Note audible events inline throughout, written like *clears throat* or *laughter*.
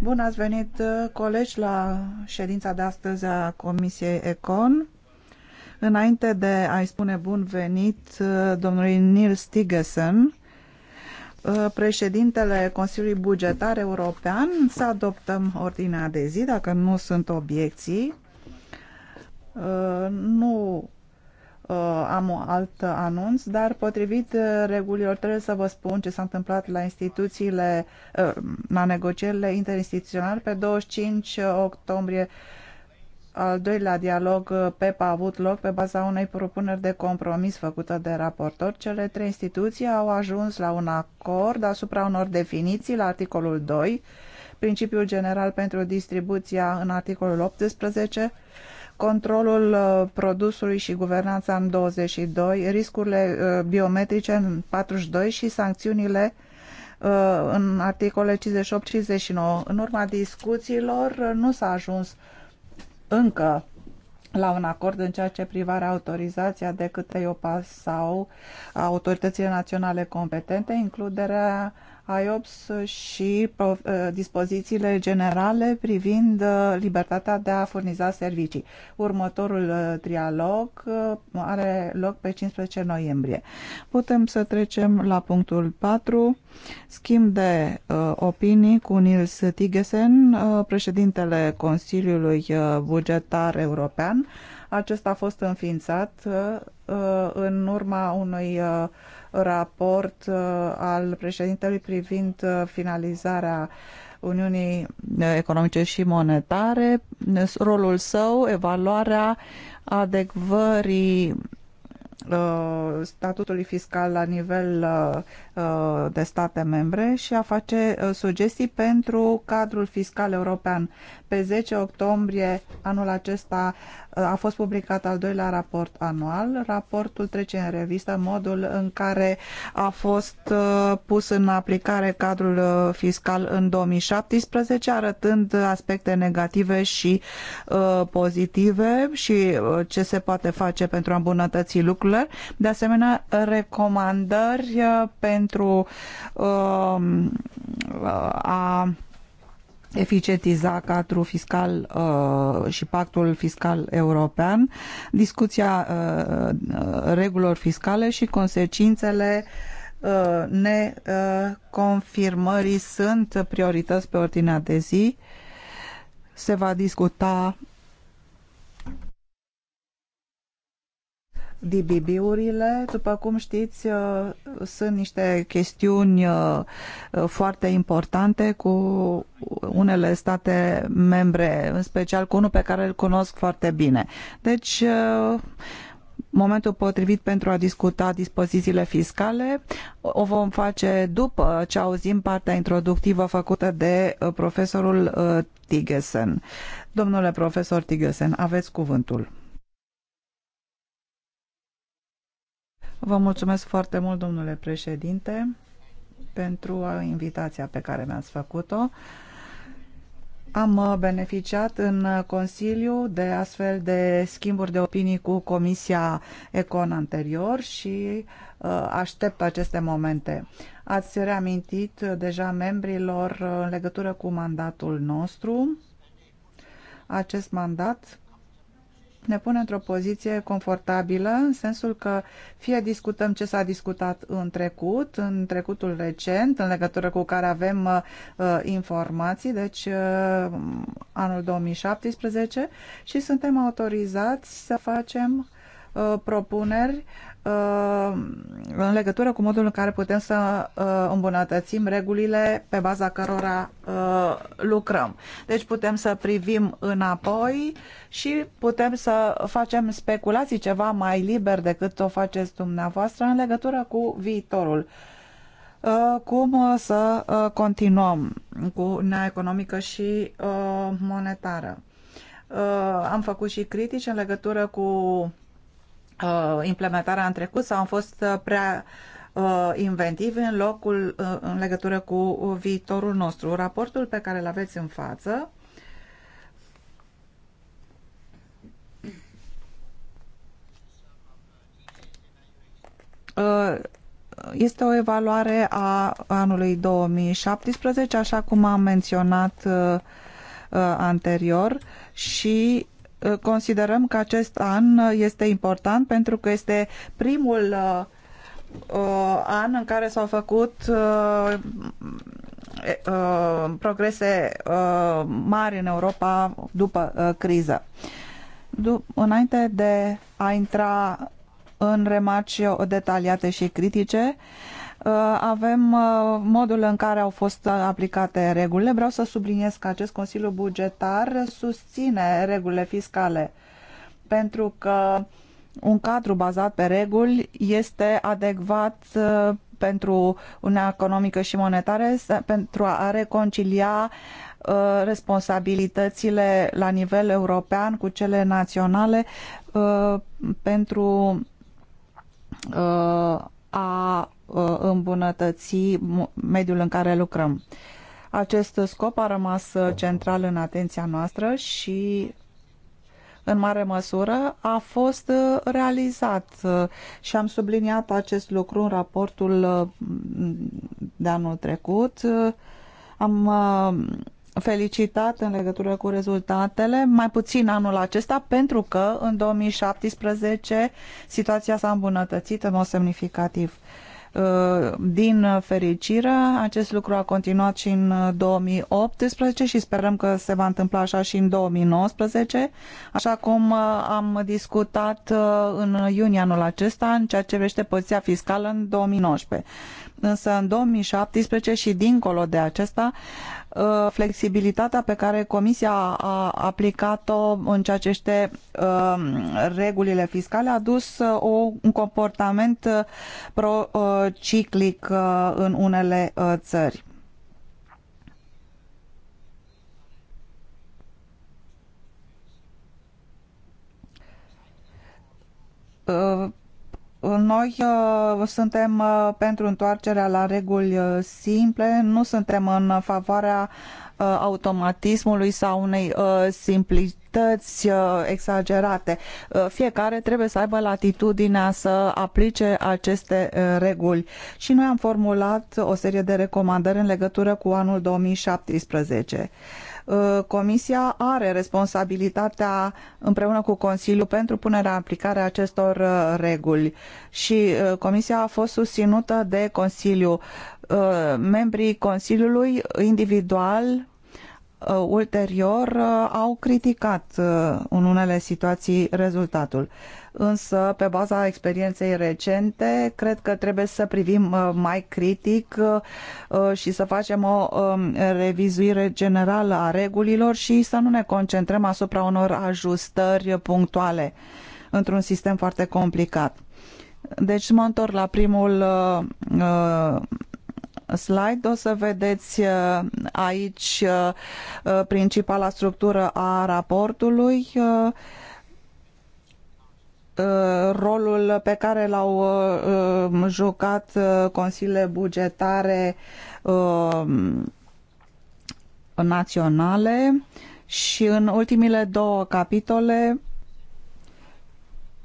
Bun ați venit, uh, colegi, la ședința de astăzi a Comisiei Econ. Înainte de a-i spune bun venit uh, domnului Neil Stigesen, uh, președintele Consiliului Bugetar European, să adoptăm ordinea de zi, dacă nu sunt obiecții. Nu Uh, am un alt anunț, dar potrivit uh, regulilor trebuie să vă spun ce s-a întâmplat la instituțiile, uh, la negocierile interinstituționale pe 25 octombrie al doilea dialog PEP a avut loc pe baza unei propuneri de compromis făcută de raportor. Cele trei instituții au ajuns la un acord asupra unor definiții la articolul 2, principiul general pentru distribuția în articolul 18, controlul uh, produsului și guvernanța în 22, riscurile uh, biometrice în 42 și sancțiunile uh, în articole 58-59. În urma discuțiilor nu s-a ajuns încă la un acord în ceea ce privare autorizația de către EOPAS sau autoritățile naționale competente, includerea IOPS și uh, dispozițiile generale privind uh, libertatea de a furniza servicii. Următorul uh, trialog are loc pe 15 noiembrie. Putem să trecem la punctul 4, schimb de opinii cu Nils Tigesen, președintele Consiliului Bugetar European. Acesta a fost înființat în urma unui raport uh, al președintelui privind uh, finalizarea Uniunii uh, Economice și Monetare, rolul său, evaluarea adecvării statutului fiscal la nivel de state membre și a face sugestii pentru cadrul fiscal european pe 10 octombrie anul acesta uh, a fost publicat al doilea raport anual. Raportul trece în revistă modul în care a fost uh, pus în aplicare cadrul uh, fiscal în 2017, arătând aspecte negative și pozitive și ce se poate face pentru a îmbunătăți lucrurile. De asemenea, recomandări pentru a eficientiza cadrul fiscal uh, și pactul fiscal european, discuția uh, uh, regulilor fiscale și consecințele uh, neconfirmării sunt priorități pe ordinea de zi. Se va discuta DBB-urile, după cum știți, uh, sunt niște chestiuni uh, foarte importante cu unele state membre, în special cu unul pe care îl cunosc foarte bine. Deci, uh, momentul potrivit pentru a discuta dispozițiile fiscale. O vom face după ce auzim partea introductivă făcută de profesorul Tigesen. Domnule profesor Tigesen, aveți cuvântul. Vă mulțumesc foarte mult, domnule președinte, pentru invitația pe care mi-ați făcut-o. Am uh, beneficiat în Consiliu de astfel de schimburi de opinii cu Comisia Econ anterior și uh, aștept aceste momente. Ați reamintit deja membrilor uh, în legătură cu mandatul nostru. Acest mandat ne pune într-o poziție confortabilă, în sensul că fie discutăm ce s-a discutat în trecut, în trecutul recent, în legătură cu care avem uh, uh informații, deci uh, anul 2017, și suntem autorizați să facem Uh, propuneri uh, în legătură cu modul în care putem să uh, îmbunătățim regulile pe baza cărora lucrăm. Deci putem să privim înapoi și putem să facem speculații ceva mai liber decât o faceți dumneavoastră în legătură cu viitorul. Cum să continuăm cu unea Economică și Monetară. Am făcut și critici în legătură cu Uh, implementarea în trecut sau am fost uh, prea uh, inventivi în locul în legătură cu viitorul nostru. Raportul pe care îl aveți în față este o evaluare a anului 2017, așa cum am menționat anterior și considerăm că acest an este important pentru că este primul uh, uh, an în care s-au făcut uh, progrese mari în Europa după criză. Înainte de a intra în remarci detaliate și critice, Uh, avem uh, modul în care au fost uh, aplicate regulile. Vreau să subliniez că acest Consiliu Bugetar susține regulile fiscale pentru că un cadru bazat pe reguli este adecvat pentru una economică și monetară pentru a reconcilia responsabilitățile la nivel european cu cele naționale pentru a Uh, îmbunătăți mediul în care lucrăm. Acest scop a rămas uh, central în atenția noastră și în mare măsură a fost uh, realizat și am subliniat acest lucru în raportul de anul trecut. Am felicitat în legătură cu rezultatele, mai puțin anul acesta, pentru că în 2017 situația s-a îmbunătățit în mod semnificativ. Uh, din fericire, acest lucru a continuat și în 2018 uh, și sperăm că se va întâmpla așa și în 2019, așa cum uh, am discutat în iunie anul acesta în ceea ce vește poziția fiscală în 2019. Însă în 2017 și dincolo de acesta Uh, flexibilitatea pe care Comisia a aplicat-o în ceea ce este uh, regulile fiscale a dus uh, un comportament prociclic în unele țări. Uh, noi uh, suntem uh, pentru întoarcerea la reguli uh, simple, nu suntem în favoarea automatismului sau unei simplități exagerate. Fiecare trebuie să aibă latitudinea să aplice aceste reguli. Și noi am formulat o serie de recomandări în legătură cu anul 2017. Uh, Comisia are responsabilitatea împreună cu Consiliul pentru punerea în aplicare a acestor uh, reguli și uh, Comisia a fost susținută de Consiliu. Membrii Consiliului individual Uh, ulterior uh, au criticat uh, în unele situații rezultatul. Însă, pe baza experienței recente, cred că trebuie să privim mai critic și să facem o um, revizuire generală a regulilor și să nu ne concentrăm asupra unor ajustări punctuale într-un sistem foarte complicat. Deci mă întorc la primul uh, slide o să vedeți uh, aici uh, uh, principala structură a raportului rolul pe care l-au jucat consiliile bugetare naționale și în ultimile două capitole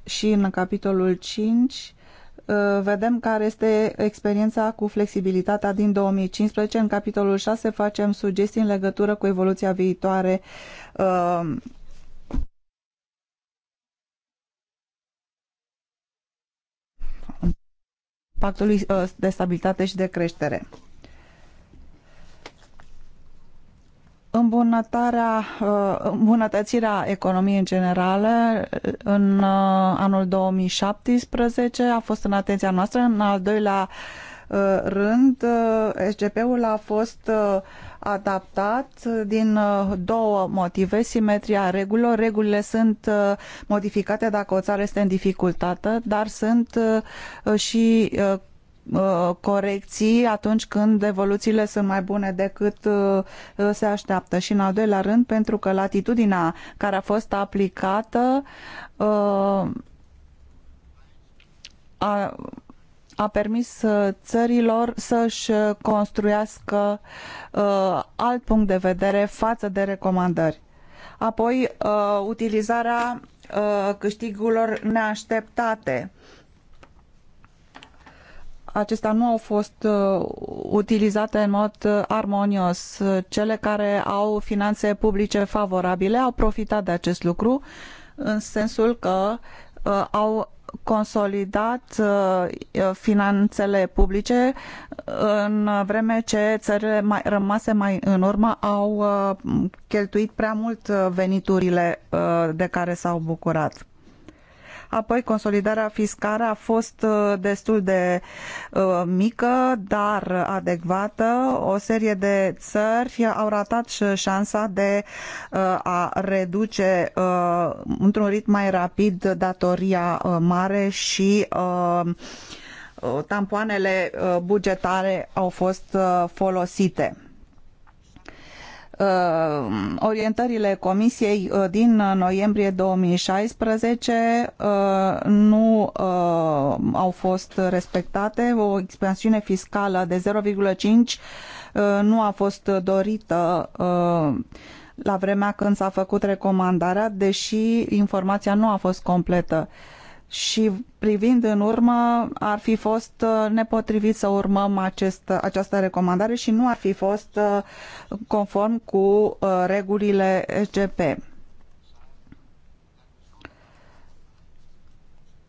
și în capitolul 5 Uh, vedem care este experiența cu flexibilitatea din 2015. În capitolul 6 facem sugestii în legătură cu evoluția viitoare uh, pactului uh, de stabilitate și de creștere. Îmbunătarea, uh, îmbunătățirea economiei în generale uh, în uh, anul 2017 a fost în atenția noastră. În al doilea rând, SGP-ul a fost adaptat din două motive, simetria regulilor. Regulile sunt modificate dacă o țară este în dificultate, dar sunt și Uh, corecții atunci când evoluțiile sunt mai bune decât uh, se așteaptă. Și în al doilea rând, pentru că latitudinea care a fost aplicată uh, a, a permis țărilor să-și construiască alt punct de vedere față de recomandări. Apoi, utilizarea câștigurilor neașteptate acestea nu au fost uh, utilizate în mod uh, armonios. Cele care au finanțe publice favorabile au profitat de acest lucru în sensul că uh, au consolidat finanțele publice în vreme ce țările mai, rămase mai în urmă au cheltuit prea mult veniturile de care s-au bucurat. Apoi, consolidarea fiscală a fost uh, destul de uh, mică, dar adecvată. O serie de țări au ratat șansa de uh, a reduce uh, într-un ritm mai rapid datoria uh, mare și uh, tampoanele bugetare au fost folosite Uh, orientările Comisiei uh, din noiembrie 2016 uh, nu au fost respectate. O expansiune fiscală de 0,5 nu a fost dorită la vremea când s-a făcut recomandarea, deși informația nu a fost completă. Uh, și privind în urmă ar fi fost uh, nepotrivit să urmăm acest, această recomandare și nu ar fi fost uh, conform cu uh, regulile EGP.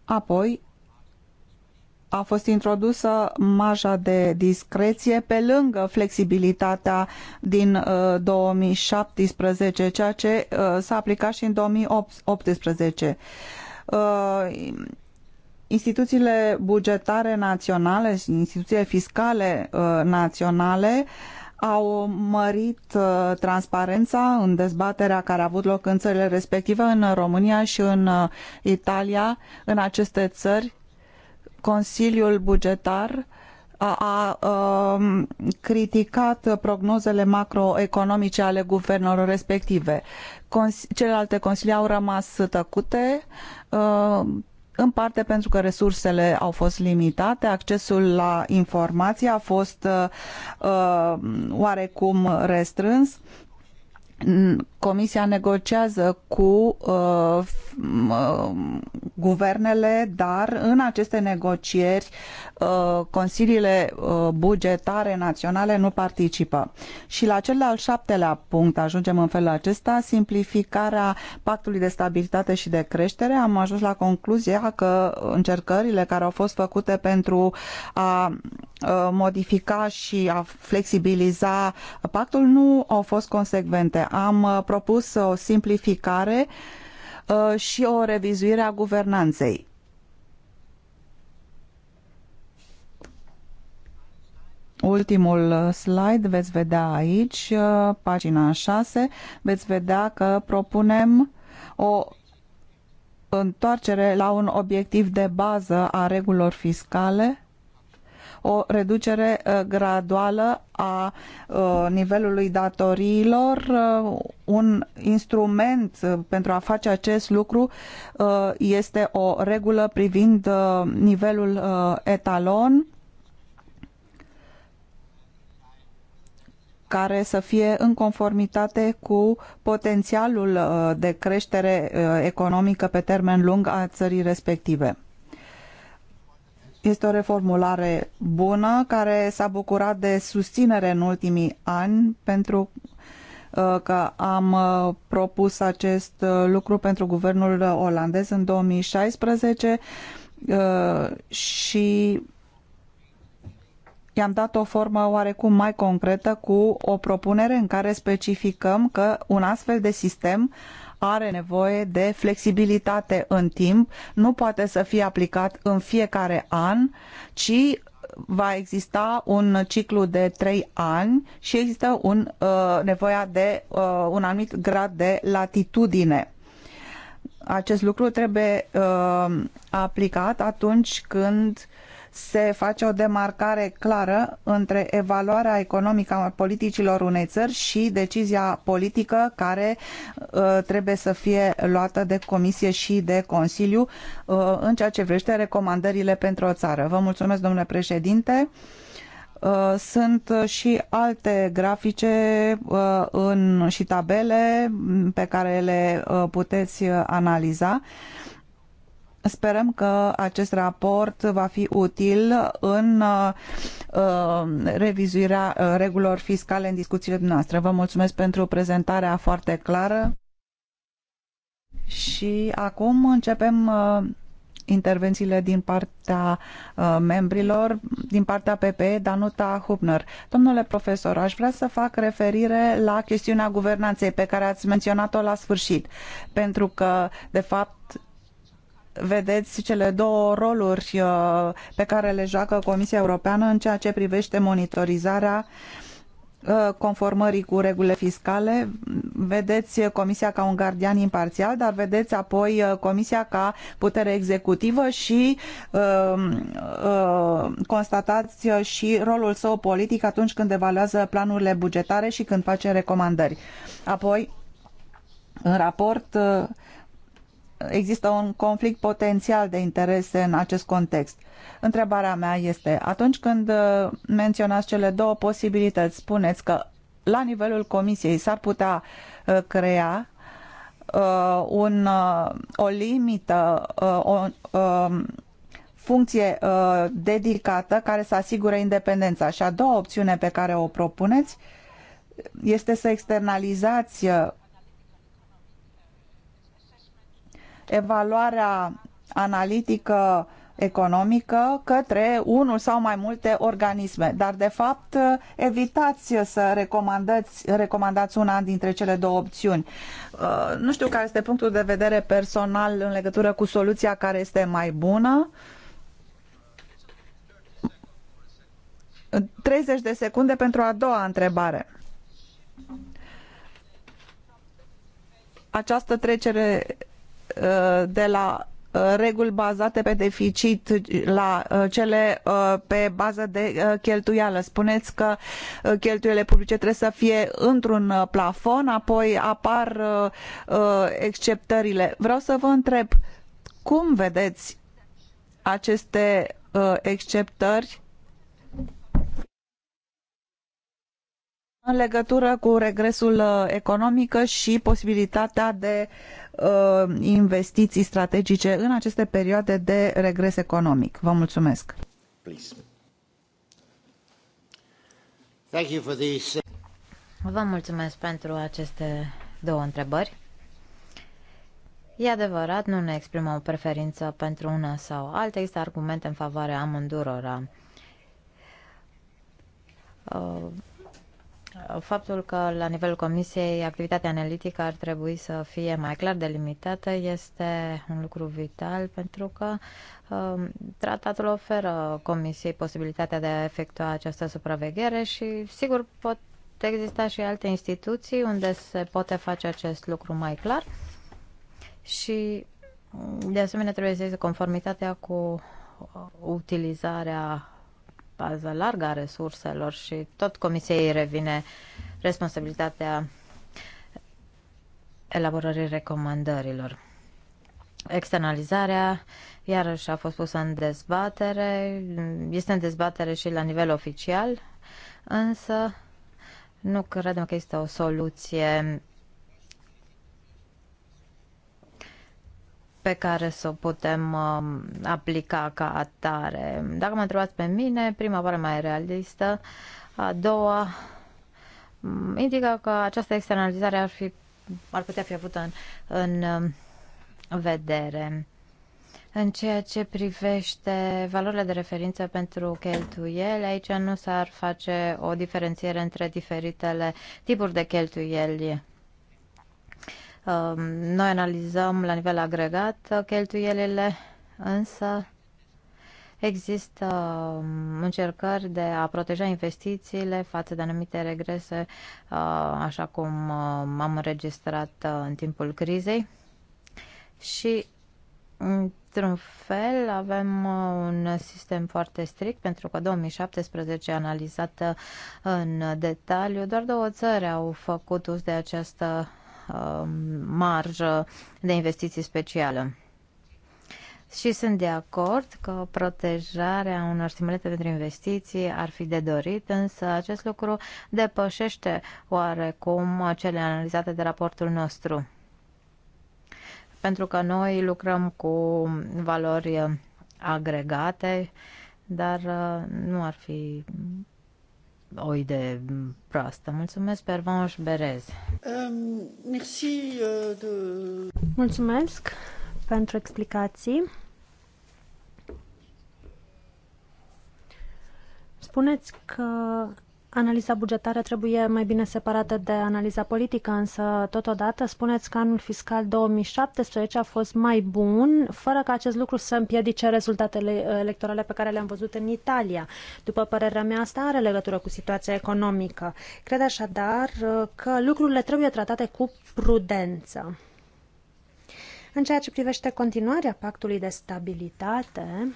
Apoi a fost introdusă marja de discreție pe lângă flexibilitatea din uh, 2017, ceea ce uh, s-a aplicat și în 2018 Uh, instituțiile bugetare naționale și instituțiile fiscale uh, naționale au mărit uh, transparența în dezbaterea care a avut loc în țările respective, în România și în Italia, în aceste țări. Consiliul bugetar uh, a, a um, criticat prognozele macroeconomice ale guvernelor respective. Cons celelalte consilii au rămas tăcute, a, um, în parte pentru că resursele au fost limitate, accesul la informații a fost a, um, oarecum restrâns. Comisia negociază cu uh, Uh, guvernele, dar în aceste negocieri uh, consiliile uh, bugetare naționale nu participă. Și la cel de-al șaptelea punct ajungem în felul acesta, simplificarea pactului de stabilitate și de creștere. Am ajuns la concluzia că încercările care au fost făcute pentru a modifica și a flexibiliza pactul nu au fost consecvente. Am propus o simplificare uh, Uh, și o revizuire a guvernanței. Ultimul uh, slide veți vedea aici, uh, pagina 6, veți vedea că propunem o întoarcere la un obiectiv de bază a regulilor fiscale o reducere uh, graduală a uh, nivelului datoriilor. Uh, un instrument pentru a face acest lucru este o regulă privind nivelul etalon care să fie în conformitate cu potențialul de creștere economică pe termen lung a țării respective. Este o reformulare bună care s-a bucurat de susținere în ultimii ani pentru uh, că am uh, propus acest uh, lucru pentru guvernul olandez în 2016 și i-am dat o formă oarecum mai concretă cu o propunere în care specificăm că un astfel de sistem uh, are nevoie de flexibilitate în timp, nu poate să fie aplicat în fiecare an, ci va exista un ciclu de trei ani și există un, uh, nevoia de uh, un anumit grad de latitudine. Acest lucru trebuie uh, aplicat atunci când uh, se face o demarcare clară între evaluarea economică a politicilor unei țări și decizia politică care uh, trebuie să fie luată de Comisie și de Consiliu uh, în ceea ce vrește recomandările pentru o țară. Vă mulțumesc, domnule președinte uh, sunt și alte grafice în, și tabele pe care le puteți analiza. Sperăm că acest raport va fi util în uh, revizuirea uh, regulilor fiscale în discuțiile noastre. Vă mulțumesc pentru prezentarea foarte clară. Și acum începem uh, intervențiile din partea uh, membrilor, din partea PPE, Danuta Hubner. Domnule profesor, aș vrea să fac referire la chestiunea guvernanței pe care ați menționat-o la sfârșit, pentru că, de fapt, vedeți cele două roluri uh, pe care le joacă Comisia Europeană în ceea ce privește monitorizarea uh, conformării cu regulile fiscale, vedeți Comisia ca un gardian imparțial, dar vedeți apoi uh, Comisia ca putere executivă și uh, uh, constatați și rolul său politic atunci când evaluează planurile bugetare și când face recomandări. Apoi, în raport, uh, există un conflict potențial de interese în acest context. Întrebarea mea este, atunci când uh, menționați cele două posibilități, spuneți că la nivelul comisiei s-ar putea uh, crea uh, un, uh, o limită, uh, o um, funcție dedicată care să asigure independența. Și a doua opțiune pe care o propuneți este să externalizați evaluarea analitică economică către unul sau mai multe organisme. Dar, de fapt, evitați să recomandați, recomandați una dintre cele două opțiuni. Uh, nu știu care este punctul de vedere personal în legătură cu soluția care este mai bună. 30 de secunde pentru a doua întrebare. Această trecere Uh, de la uh, reguli bazate pe deficit la uh, cele pe bază de cheltuială. Spuneți că cheltuielile publice trebuie să fie într-un plafon, apoi apar exceptările. Vreau să vă întreb, cum vedeți aceste exceptări în legătură cu regresul economic și posibilitatea de Uh, investiții strategice în aceste perioade de regres economic. Vă mulțumesc! Thank you for Vă mulțumesc pentru aceste două întrebări. E adevărat, nu ne exprimăm o preferință pentru una sau alta, există argumente în favoarea amândurora. Uh, faptul că la nivelul Comisiei activitatea analitică ar trebui să fie mai clar delimitată este un lucru vital pentru că um, tratatul oferă Comisiei posibilitatea de a efectua această supraveghere și sigur pot exista și alte instituții unde se poate face acest lucru mai clar și de asemenea trebuie să existe conformitatea cu utilizarea bază largă a resurselor și tot comisiei revine responsabilitatea elaborării recomandărilor. Externalizarea, iarăși, a fost pusă în dezbatere, este în dezbatere și la nivel oficial, însă nu credem că este o soluție pe care să o putem uh, aplica ca atare. Dacă mă întrebați pe mine, prima pare mai realistă, a doua mm, indică că această externalizare ar, fi, ar putea fi avută în, în um, vedere. În ceea ce privește valorile de referință pentru cheltuieli, aici nu s-ar face o diferențiere între diferitele tipuri de cheltuieli Um, noi analizăm la nivel agregat cheltuielile, însă există um, încercări de a proteja investițiile față de anumite regrese, uh, așa cum uh, am înregistrat uh, în timpul crizei. Și, într-un fel, avem un sistem foarte strict, pentru că 2017, analizat în detaliu, doar două țări au făcut us de această Um, marjă de investiții specială. Și sunt de acord că protejarea unor stimulente pentru investiții ar fi de dorit, însă acest lucru depășește oarecum cele analizate de raportul nostru. Pentru că noi lucrăm cu valori agregate, dar uh, nu ar fi o idee proastă. Mulțumesc, Pervanș Berez. Um, merci, uh, de... Mulțumesc pentru explicații. Spuneți că Analiza bugetară trebuie mai bine separată de analiza politică, însă totodată spuneți că anul fiscal 2017 a fost mai bun, fără ca acest lucru să împiedice rezultatele uh, electorale pe care le-am văzut în Italia. După părerea mea, asta are legătură cu situația economică. Cred așadar uh, că lucrurile trebuie tratate cu prudență. În ceea ce privește continuarea pactului de stabilitate,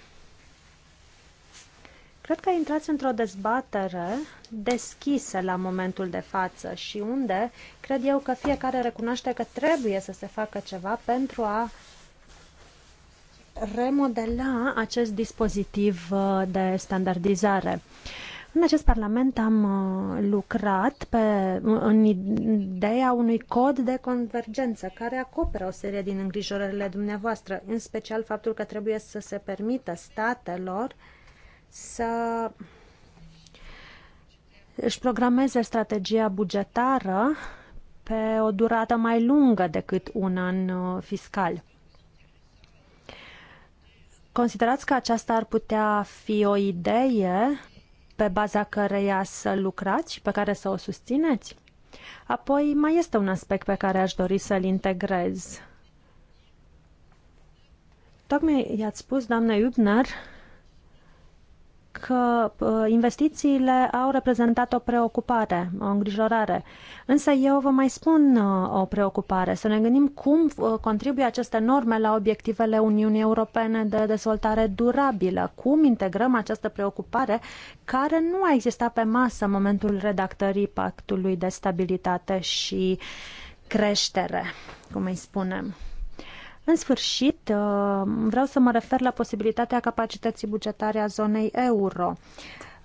Cred că intrați într-o dezbatere deschisă la momentul de față și unde cred eu că fiecare recunoaște că trebuie să se facă ceva pentru a remodela acest dispozitiv uh, de standardizare. În acest Parlament am uh, lucrat pe, uh, în ideea unui cod de convergență care acoperă o serie din îngrijorările dumneavoastră, în special faptul că trebuie să se permită statelor uh, să își programeze strategia bugetară pe o durată mai lungă decât un an uh, fiscal. Considerați că aceasta ar putea fi o idee pe baza căreia să lucrați și pe care să o susțineți? Apoi mai este un aspect pe care aș dori să-l integrez. Tocmai i-ați spus, doamnă Iubner, că uh, investițiile au reprezentat o preocupare, o îngrijorare. Însă eu vă mai spun uh, o preocupare, să ne gândim cum uh, contribuie aceste norme la obiectivele Uniunii Europene de dezvoltare durabilă, cum integrăm această preocupare care nu a existat pe masă în momentul redactării pactului de stabilitate și creștere, cum îi spunem. În sfârșit, uh, vreau să mă refer la posibilitatea capacității bugetare a zonei euro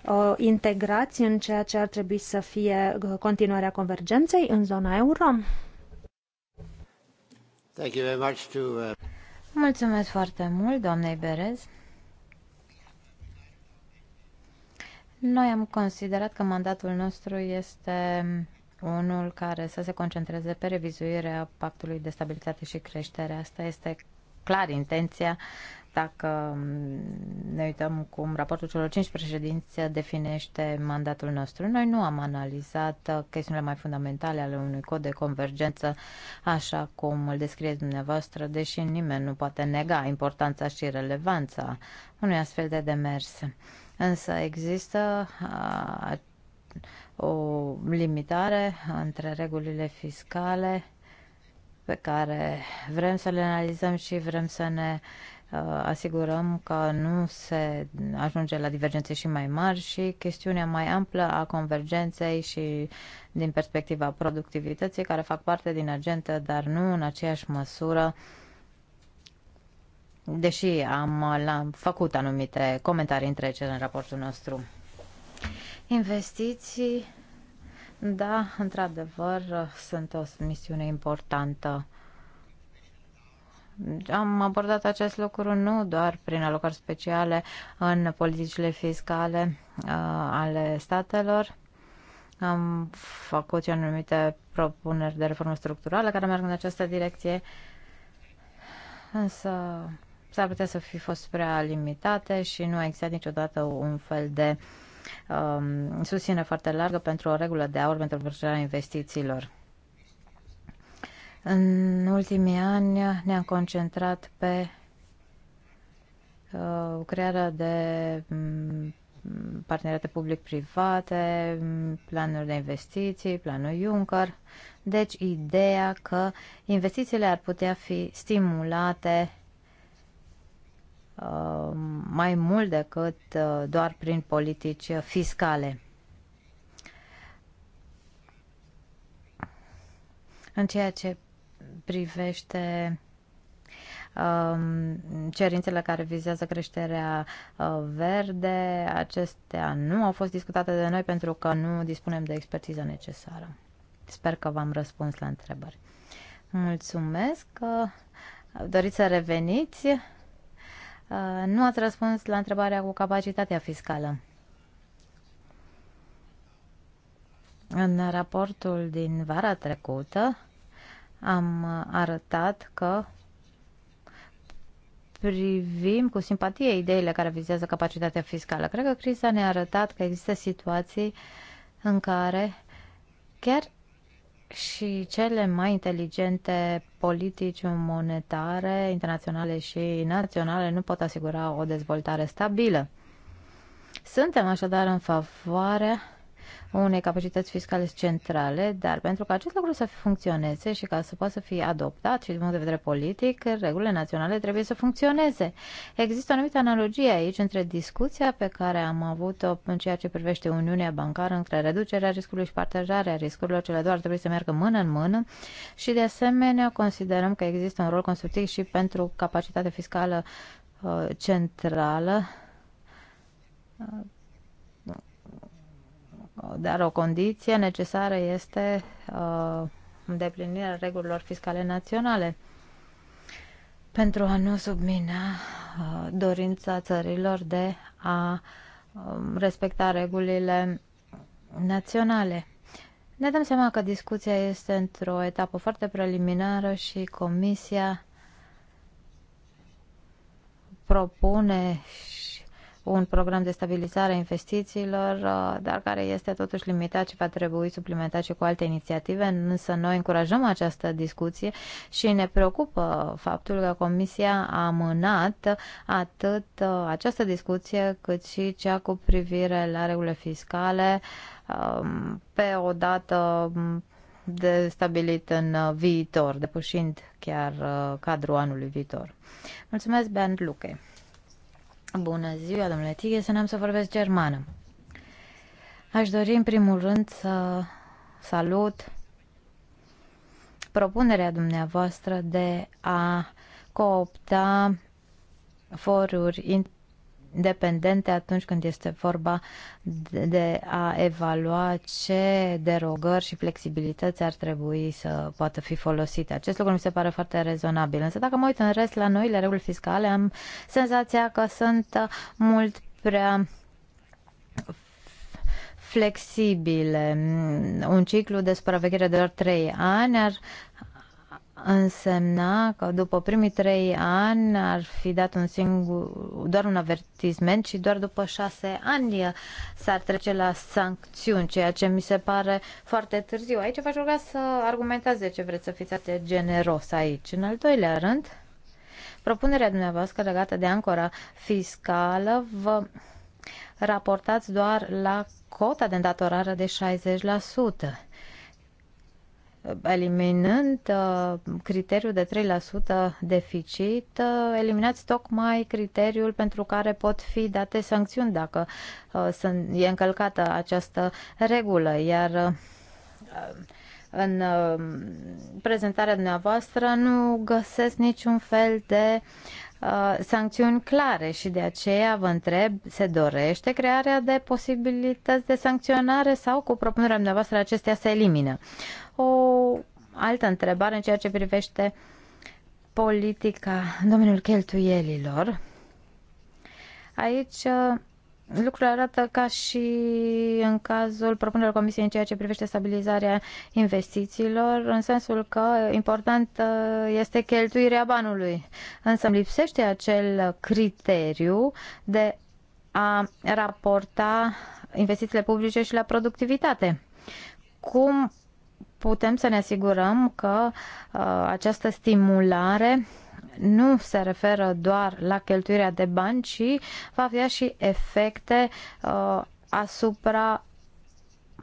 uh, integrați în ceea ce ar trebui să fie uh, continuarea convergenței în zona euro? Thank you very much to, uh... Mulțumesc foarte mult, doamnei Berez. Noi am considerat că mandatul nostru este unul care să se concentreze pe revizuirea Pactului de Stabilitate și Creștere. Asta este clar intenția dacă mm, ne uităm cum raportul celor cinci președinți definește mandatul nostru. Noi nu am analizat chestiunile mai fundamentale ale unui cod de convergență așa cum îl descrieți dumneavoastră, deși nimeni nu poate nega importanța și relevanța unui astfel de demers. Însă există o limitare între regulile fiscale pe care vrem să le analizăm și vrem să ne uh, asigurăm că nu se ajunge la divergențe și mai mari și chestiunea mai amplă a convergenței și din perspectiva productivității care fac parte din agentă, dar nu în aceeași măsură deși am, am făcut anumite comentarii întrece în raportul nostru. Investiții, da, într-adevăr, sunt o misiune importantă. Am abordat acest lucru nu doar prin alocări speciale în politicile fiscale uh, ale statelor, am făcut și anumite propuneri de reformă structurală care merg în această direcție, însă s-ar putea să fi fost prea limitate și nu a existat niciodată un fel de uh, um, susține foarte largă pentru o regulă de aur pentru protejarea investițiilor. În ultimii ani ne-am concentrat pe uh, crearea de um, parteneriate public-private, planuri de investiții, planul Juncker. Deci, ideea că investițiile ar putea fi stimulate Uh, mai mult decât uh, doar prin politici fiscale. În ceea ce privește um, cerințele care vizează creșterea uh, verde, acestea nu au fost discutate de noi pentru că nu dispunem de expertiza necesară. Sper că v-am răspuns la întrebări. Mulțumesc! Doriți să reveniți? Uh, nu ați răspuns la întrebarea cu capacitatea fiscală. În raportul din vara trecută am arătat că privim cu simpatie ideile care vizează capacitatea fiscală. Cred că criza ne-a arătat că există situații în care chiar și cele mai inteligente politici monetare internaționale și naționale nu pot asigura o dezvoltare stabilă. Suntem așadar în favoarea unei capacități fiscale centrale, dar pentru ca acest lucru să funcționeze și ca să poată să fie adoptat și din punct de vedere politic, regulile naționale trebuie să funcționeze. Există o anumită analogie aici între discuția pe care am avut-o în ceea ce privește Uniunea Bancară, între reducerea riscului și partajarea riscurilor, cele două ar trebui să meargă mână în mână și de asemenea considerăm că există un rol constructiv și pentru capacitatea fiscală uh, centrală uh, dar o condiție necesară este uh, îndeplinirea regulilor fiscale naționale pentru a nu submina uh, dorința țărilor de a uh, respecta regulile naționale. Ne dăm seama că discuția este într-o etapă foarte preliminară și Comisia propune un program de stabilizare a investițiilor, uh, dar care este totuși limitat și va trebui suplimentat și cu alte inițiative, însă noi încurajăm această discuție și ne preocupă faptul că Comisia a amânat atât uh, această discuție cât și cea cu privire la regulile fiscale um, pe o dată um, de stabilit în uh, viitor, depășind chiar cadrul anului viitor. Mulțumesc, Bernd Luke! Bună ziua, domnule Tighe, am să vorbesc germană. Aș dori în primul rând să salut propunerea dumneavoastră de a coopta foruri independente atunci când este vorba de a evalua ce derogări și flexibilități ar trebui să poată fi folosite. Acest lucru mi se pare foarte rezonabil. Însă dacă mă uit în rest la noile reguli fiscale, am senzația că sunt mult prea flexibile. Un ciclu de supraveghere de doar 3 ani ar însemna că după primii trei ani ar fi dat un singur, doar un avertisment și doar după șase ani s-ar trece la sancțiuni, ceea ce mi se pare foarte târziu. Aici v-aș ruga să argumentați de ce vreți să fiți atât generos aici. În al doilea rând, propunerea dumneavoastră legată de ancora fiscală vă raportați doar la cota de îndatorare de 60% eliminând uh, criteriul de 3% deficit, uh, eliminați tocmai criteriul pentru care pot fi date sancțiuni dacă uh, sunt, e încălcată această regulă, iar în prezentarea dumneavoastră nu găsesc niciun fel de Uh, sancțiuni clare și de aceea vă întreb, se dorește crearea de posibilități de sancționare sau cu propunerea dumneavoastră acestea se elimină? O altă întrebare în ceea ce privește politica în domeniul cheltuielilor. Aici uh, Lucrurile arată ca și în cazul propunerilor Comisiei în ceea ce privește stabilizarea investițiilor, în sensul că important este cheltuirea banului. Însă îmi lipsește acel criteriu de a raporta investițiile publice și la productivitate. Cum putem să ne asigurăm că uh, această stimulare nu se referă doar la cheltuirea de bani, ci va avea și efecte uh, asupra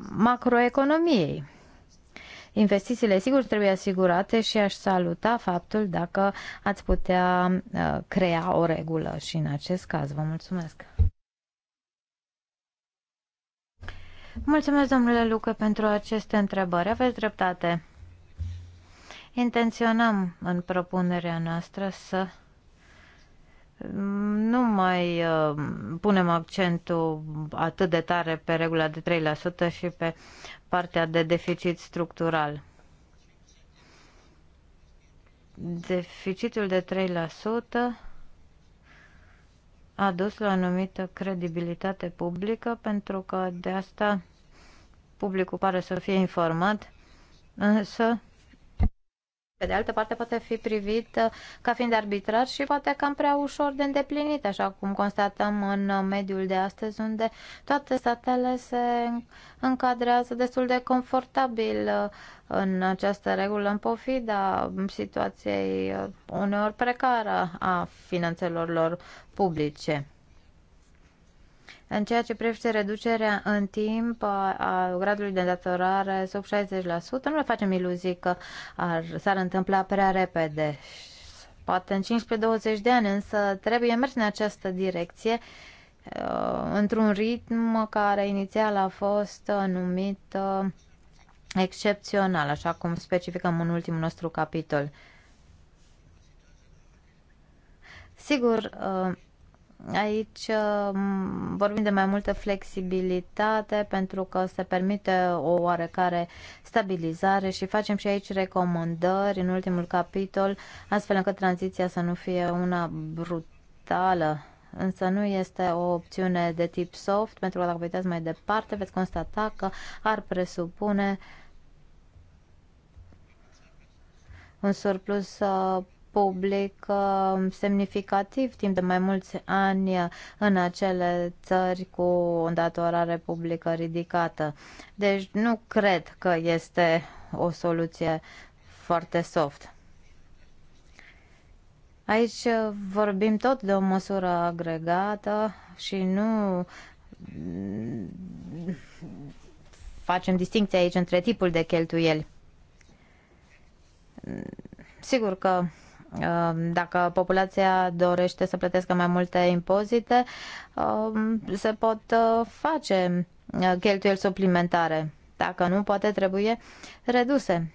macroeconomiei. Investițiile, sigur, trebuie asigurate și aș saluta faptul dacă ați putea uh, crea o regulă și în acest caz. Vă mulțumesc! Mulțumesc, domnule Lucă, pentru aceste întrebări. Aveți dreptate. Intenționăm în propunerea noastră să mm, nu mai uh, punem accentul atât de tare pe regula de 3% și pe partea de deficit structural. Deficitul de 3% a dus la anumită credibilitate publică pentru că de asta publicul pare să fie informat, însă pe de altă parte, poate fi privit uh, ca fiind arbitrar și poate cam prea ușor de îndeplinit, așa cum constatăm în uh, mediul de astăzi, unde toate statele se încadrează destul de confortabil uh, în această regulă, în pofida situației uneori precară a finanțelor lor publice. În ceea ce privește reducerea în timp a, a gradului de datorare sub 60%, nu le facem iluzii că ar, s-ar întâmpla prea repede. Poate în 15-20 de ani, însă trebuie mers în această direcție uh, într-un ritm care inițial a fost uh, numit uh, excepțional, așa cum specificăm în ultimul nostru capitol. Sigur, Aici um, vorbim de mai multă flexibilitate pentru că se permite o oarecare stabilizare și facem și aici recomandări în ultimul capitol, astfel încât tranziția să nu fie una brutală însă nu este o opțiune de tip soft, pentru că dacă vă uitați mai departe, veți constata că ar presupune un surplus uh, public semnificativ timp de mai mulți ani în acele țări cu o datorare publică ridicată. Deci nu cred că este o soluție foarte soft. Aici vorbim tot de o măsură agregată și nu facem distinție aici între tipul de cheltuieli. Sigur că Um, dacă populația dorește să plătească mai multe impozite, um, se pot uh, face uh, cheltuieli suplimentare. Dacă nu, poate trebuie reduse.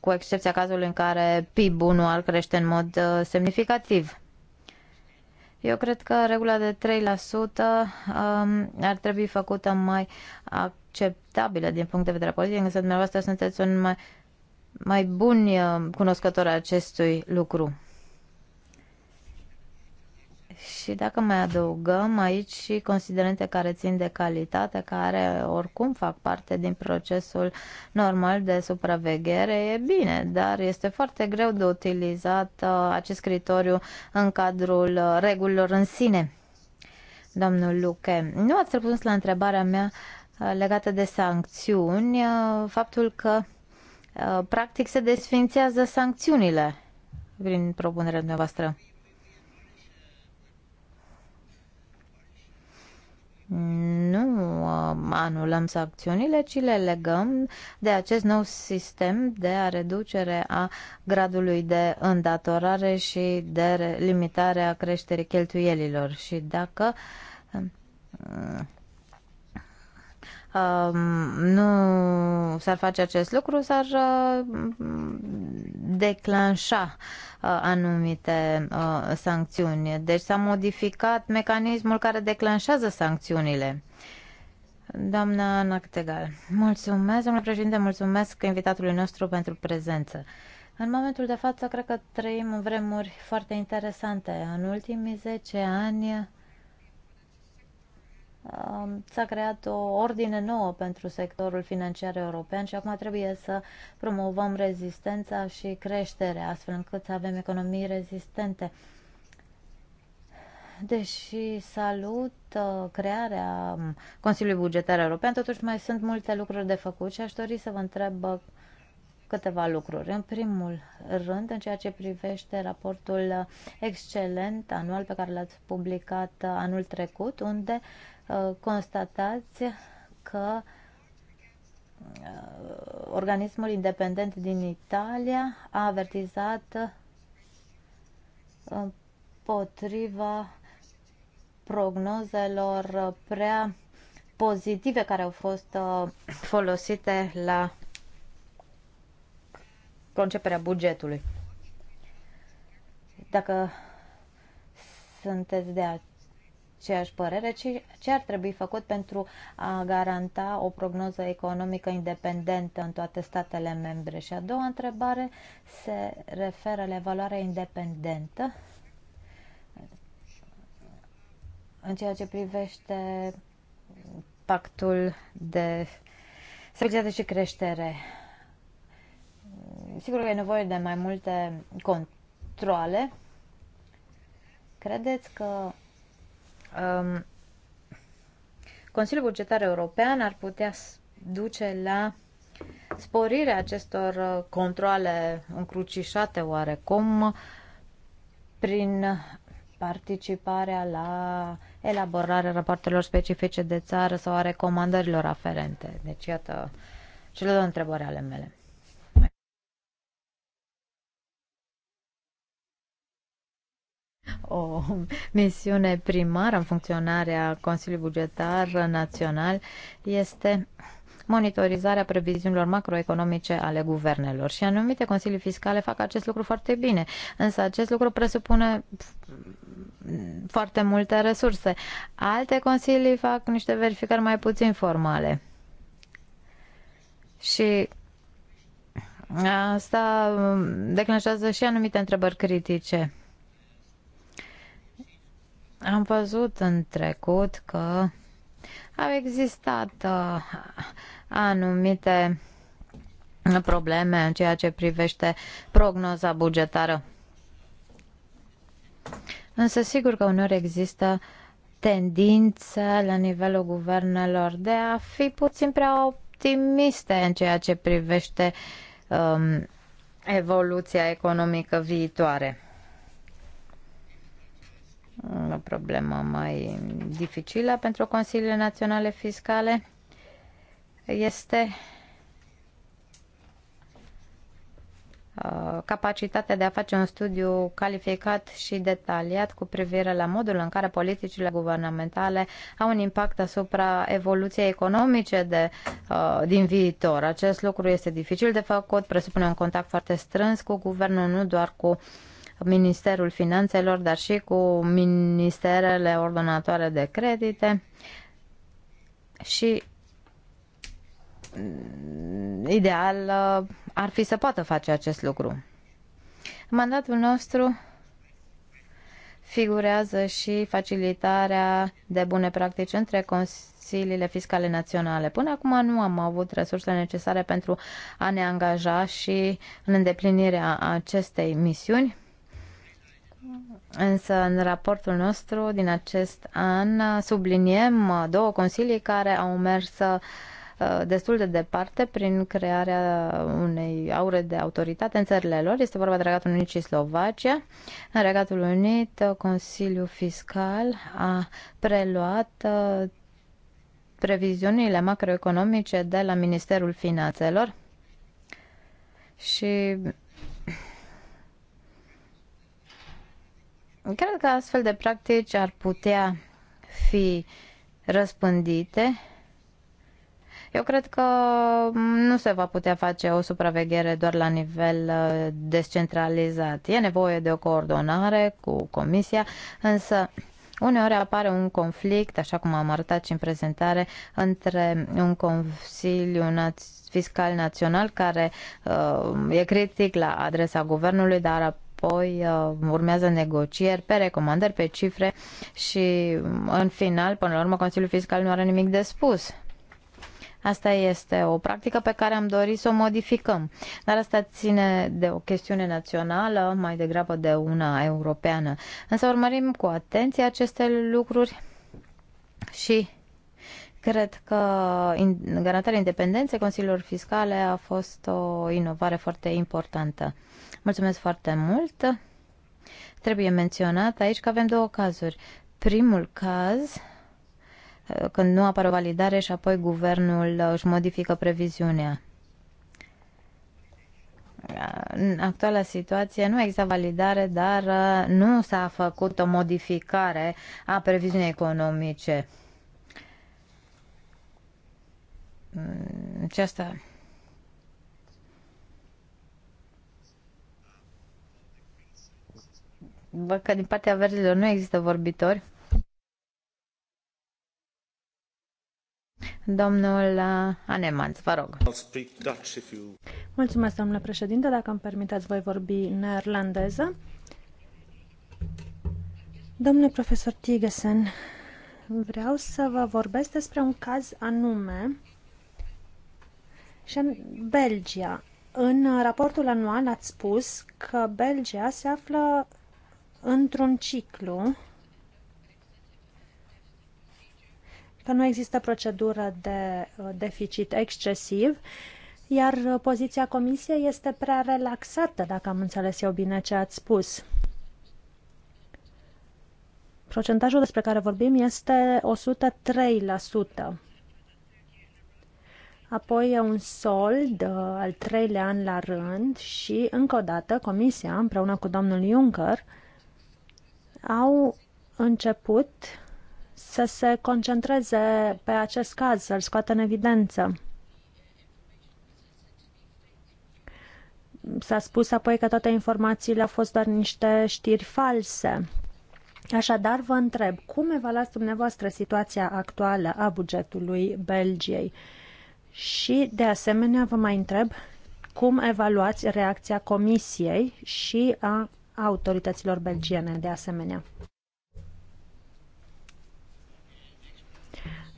Cu excepția cazului în care PIB-ul nu ar crește în mod uh, semnificativ. Eu cred că regula de 3% um, ar trebui făcută mai acceptabilă din punct de vedere politic, însă dumneavoastră sunteți un mai mai buni uh, cunoscători acestui lucru. Și dacă mai adăugăm aici și considerente care țin de calitate, care oricum fac parte din procesul normal de supraveghere, e bine, dar este foarte greu de utilizat uh, acest criteriu în cadrul uh, regulilor în sine. Domnul Luche, nu ați răspuns la întrebarea mea legată de sancțiuni, faptul că Uh, practic se desfințează sancțiunile prin propunerea dumneavoastră. Nu uh, anulăm sancțiunile, ci le legăm de acest nou sistem de a reducere a gradului de îndatorare și de limitare a creșterii cheltuielilor. Și dacă uh, nu s-ar face acest lucru, s-ar uh, declanșa uh, anumite uh, sancțiuni. Deci s-a modificat mecanismul care declanșează sancțiunile. Doamna Nactegal, mulțumesc, domnule președinte, mulțumesc invitatului nostru pentru prezență. În momentul de față, cred că trăim în vremuri foarte interesante. În ultimii 10 ani, s-a creat o ordine nouă pentru sectorul financiar european și acum trebuie să promovăm rezistența și creșterea, astfel încât să avem economii rezistente. Deși salut uh, crearea um, Consiliului Bugetar European, totuși mai sunt multe lucruri de făcut și aș dori să vă întreb uh, câteva lucruri. În primul rând, în ceea ce privește raportul uh, excelent anual pe care l-ați publicat anul trecut, unde uh, Uh, constatați că uh, organismul independent din Italia a avertizat împotriva uh, prognozelor prea pozitive care au fost folosite la conceperea bugetului. Dacă sunteți de aceeași părere, ci ce ar trebui făcut pentru a garanta o prognoză economică independentă în toate statele membre. Și a doua întrebare se referă la evaluarea independentă în ceea ce privește pactul de stabilitate și creștere. Sigur că e nevoie de mai multe controle. Credeți că um, Consiliul Bugetar European ar putea duce la sporirea acestor uh, controle încrucișate oarecum prin participarea la elaborarea rapoartelor specifice de țară sau a recomandărilor aferente. Deci, iată, cele două întrebări ale mele. o misiune primară în funcționarea Consiliului Bugetar Național este monitorizarea previziunilor macroeconomice ale guvernelor și anumite consilii fiscale fac acest lucru foarte bine, însă acest lucru presupune foarte multe resurse. Alte consilii fac niște verificări mai puțin formale. Și asta declanșează și anumite întrebări critice. Am văzut în trecut că au existat uh, anumite probleme în ceea ce privește prognoza bugetară. Însă sigur că uneori există tendințe la nivelul guvernelor de a fi puțin prea optimiste în ceea ce privește um, evoluția economică viitoare o problemă mai dificilă pentru Consiliile Naționale Fiscale este uh, capacitatea de a face un studiu calificat și detaliat cu privire la modul în care politicile guvernamentale au un impact asupra evoluției economice de, uh, din viitor. Acest lucru este dificil de făcut, presupune un contact foarte strâns cu guvernul, nu doar cu uh, Ministerul Finanțelor, dar și cu ministerele ordonatoare de credite și mm, ideal uh, ar fi să poată face acest lucru. În mandatul nostru figurează și facilitarea de bune practici între consiliile fiscale naționale. Până acum nu am avut resursele necesare pentru a ne angaja și în îndeplinirea acestei misiuni. Însă în raportul nostru din acest an subliniem uh, două consilii care au mers uh, destul de departe prin crearea unei aure de autoritate în țările lor. Este vorba de Regatul Unit și Slovacia. În Regatul Unit, uh, Consiliul Fiscal a preluat previziunile macroeconomice de la Ministerul Finanțelor și Cred că astfel de practici ar putea fi răspândite. Eu cred că nu se va putea face o supraveghere doar la nivel uh, descentralizat. E nevoie de o coordonare cu Comisia, însă uneori apare un conflict, așa cum am arătat și în prezentare, între un Consiliu fiscal național care uh, e critic la adresa guvernului, dar apoi uh, urmează negocieri pe recomandări, pe cifre și în final, până la urmă, Consiliul Fiscal nu are nimic de spus. Asta este o practică pe care am dorit să o modificăm. Dar asta ține de o chestiune națională mai degrabă de una europeană. Însă urmărim cu atenție aceste lucruri și cred că garantarea independenței consiliilor fiscale a fost o inovare foarte importantă. Mulțumesc foarte mult. Trebuie menționat aici că avem două cazuri. Primul caz uh, când nu apare o validare și apoi guvernul uh, își modifică previziunea. Uh, în actuala situație nu există validare, dar nu s-a făcut o modificare a previziunii economice. Mm, aceasta Văd că din partea verzilor nu există vorbitori. Domnul uh, Anemanț, vă rog. Mulțumesc, domnule președinte. Dacă îmi permiteți, voi vorbi neerlandeză. Domnule profesor Tigesen, vreau să vă vorbesc despre un caz anume și în Belgia. În raportul anual ați spus că Belgia se află într-un ciclu, că nu există procedură de uh, deficit excesiv, iar uh, poziția Comisiei este prea relaxată, dacă am înțeles eu bine ce ați spus. Procentajul despre care vorbim este 103%. Apoi e un sold uh, al treilea an la rând și, încă o dată, Comisia, împreună cu domnul Juncker, au început să se concentreze pe acest caz, să-l scoată în evidență. S-a spus apoi că toate informațiile au fost doar niște știri false. Așadar, vă întreb, cum evaluați dumneavoastră situația actuală a bugetului Belgiei? Și, de asemenea, vă mai întreb cum evaluați reacția Comisiei și a autorităților belgiene de asemenea.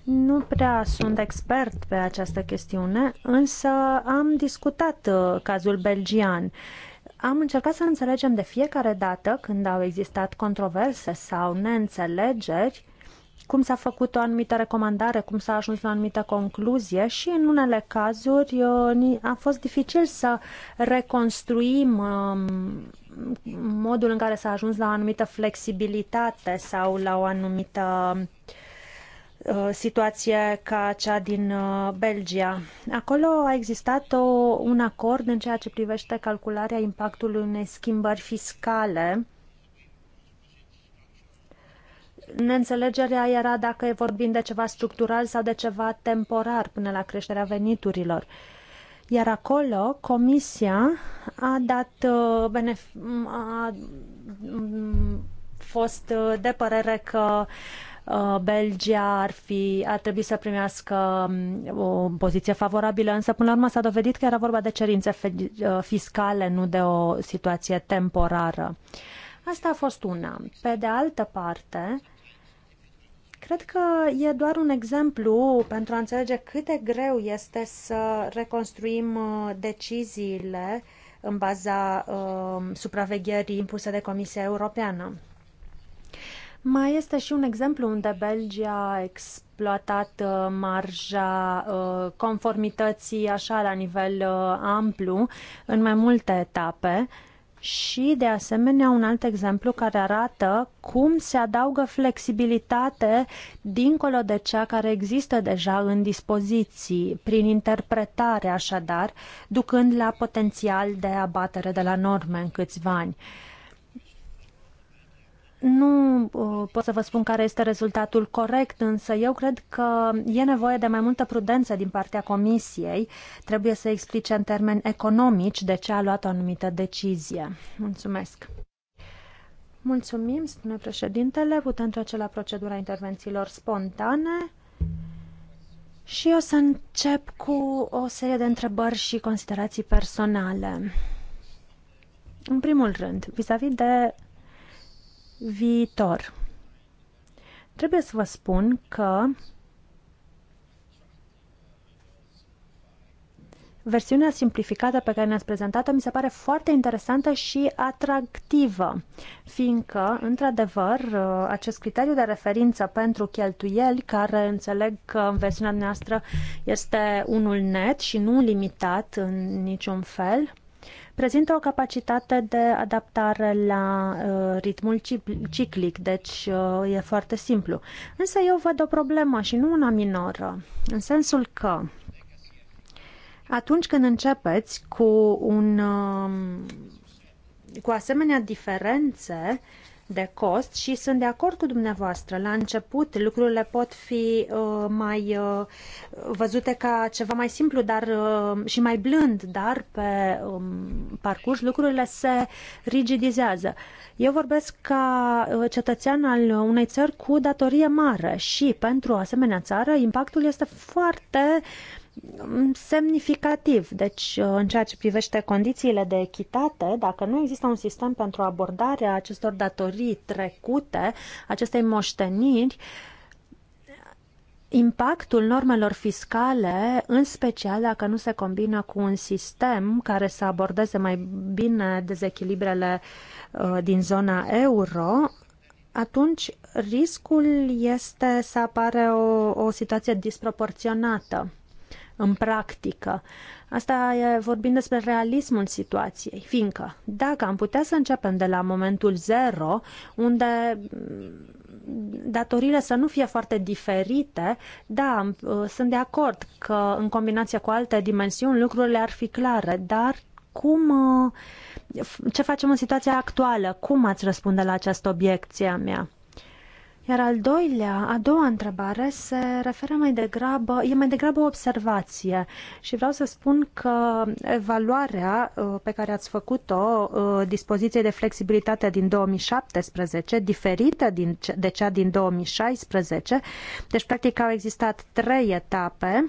Nu prea sunt expert pe această chestiune, însă am discutat uh, cazul belgian. Am încercat să înțelegem de fiecare dată când au existat controverse sau neînțelegeri, cum s-a făcut o anumită recomandare, cum s-a ajuns la o anumită concluzie și în unele cazuri uh, a fost dificil să reconstruim um, modul în care s-a ajuns la o anumită flexibilitate sau la o anumită uh, situație ca cea din uh, Belgia. Acolo a existat o, un acord în ceea ce privește calcularea impactului unei schimbări fiscale. Neînțelegerea era dacă vorbim de ceva structural sau de ceva temporar până la creșterea veniturilor. Uh, iar acolo Comisia a dat uh, a fost de părere că uh, Belgia ar, fi, ar trebui să primească um, o poziție favorabilă, însă până la urmă s-a dovedit că era vorba de cerințe uh, fiscale, nu de o situație temporară. Asta a fost una. Pe de altă parte, Cred că e doar un exemplu pentru a înțelege cât de greu este să reconstruim uh, deciziile în baza uh, supravegherii impuse de Comisia Europeană. Mai este și un exemplu unde Belgia a exploatat uh, marja uh, conformității așa la nivel amplu în mai multe etape și, de asemenea, un alt exemplu care arată cum se adaugă flexibilitate dincolo de cea care există deja în dispoziții, prin interpretare, așadar, ducând la potențial de abatere de la norme în câțiva ani. Nu uh, pot să vă spun care este rezultatul corect, însă eu cred că e nevoie de mai multă prudență din partea Comisiei. Trebuie să explice în termeni economici de ce a luat o anumită decizie. Mulțumesc. Mulțumim, spune președintele. Putem trece la procedura intervențiilor spontane. Și o să încep cu o serie de întrebări și considerații personale. În primul rând, vis-a-vis -vis de viitor. Trebuie să vă spun că versiunea simplificată pe care ne-ați prezentat-o mi se pare foarte interesantă și atractivă, fiindcă, într-adevăr, acest criteriu de referință pentru cheltuieli, care înțeleg că în versiunea noastră este unul net și nu limitat în niciun fel, prezintă o capacitate de adaptare la uh, ritmul ciclic, deci uh, e foarte simplu. Însă eu văd o problemă și nu una minoră, în sensul că atunci când începeți cu un uh, cu asemenea diferențe, uh, de cost și sunt de acord cu dumneavoastră. La început lucrurile pot fi uh, mai uh, văzute ca ceva mai simplu dar uh, și mai blând, dar pe um, parcurs lucrurile se rigidizează. Eu vorbesc ca uh, cetățean al unei țări cu datorie mare și pentru o asemenea țară impactul este foarte uh, semnificativ. Deci, uh, în ceea ce privește condițiile de echitate, dacă nu există un sistem pentru abordarea acestor datorii trecute, acestei moșteniri, impactul normelor fiscale, în special dacă nu se combină cu un sistem care să abordeze mai bine dezechilibrele uh, din zona euro, atunci riscul este să apare o, o situație disproporționată în practică. Asta e vorbind despre realismul situației, fiindcă dacă am putea să începem de la momentul zero, unde mm, datorile să nu fie foarte diferite, da, uh, sunt de acord că în combinație cu alte dimensiuni lucrurile ar fi clare, dar cum, uh, ce facem în situația actuală? Cum ați răspunde la această obiecție a mea? Iar al doilea, a doua întrebare se referă mai degrabă, e mai degrabă o observație și vreau să spun că evaluarea uh, pe care ați făcut-o uh, dispoziției de flexibilitate din 2017, diferită din, de cea din 2016, deci practic au existat trei etape,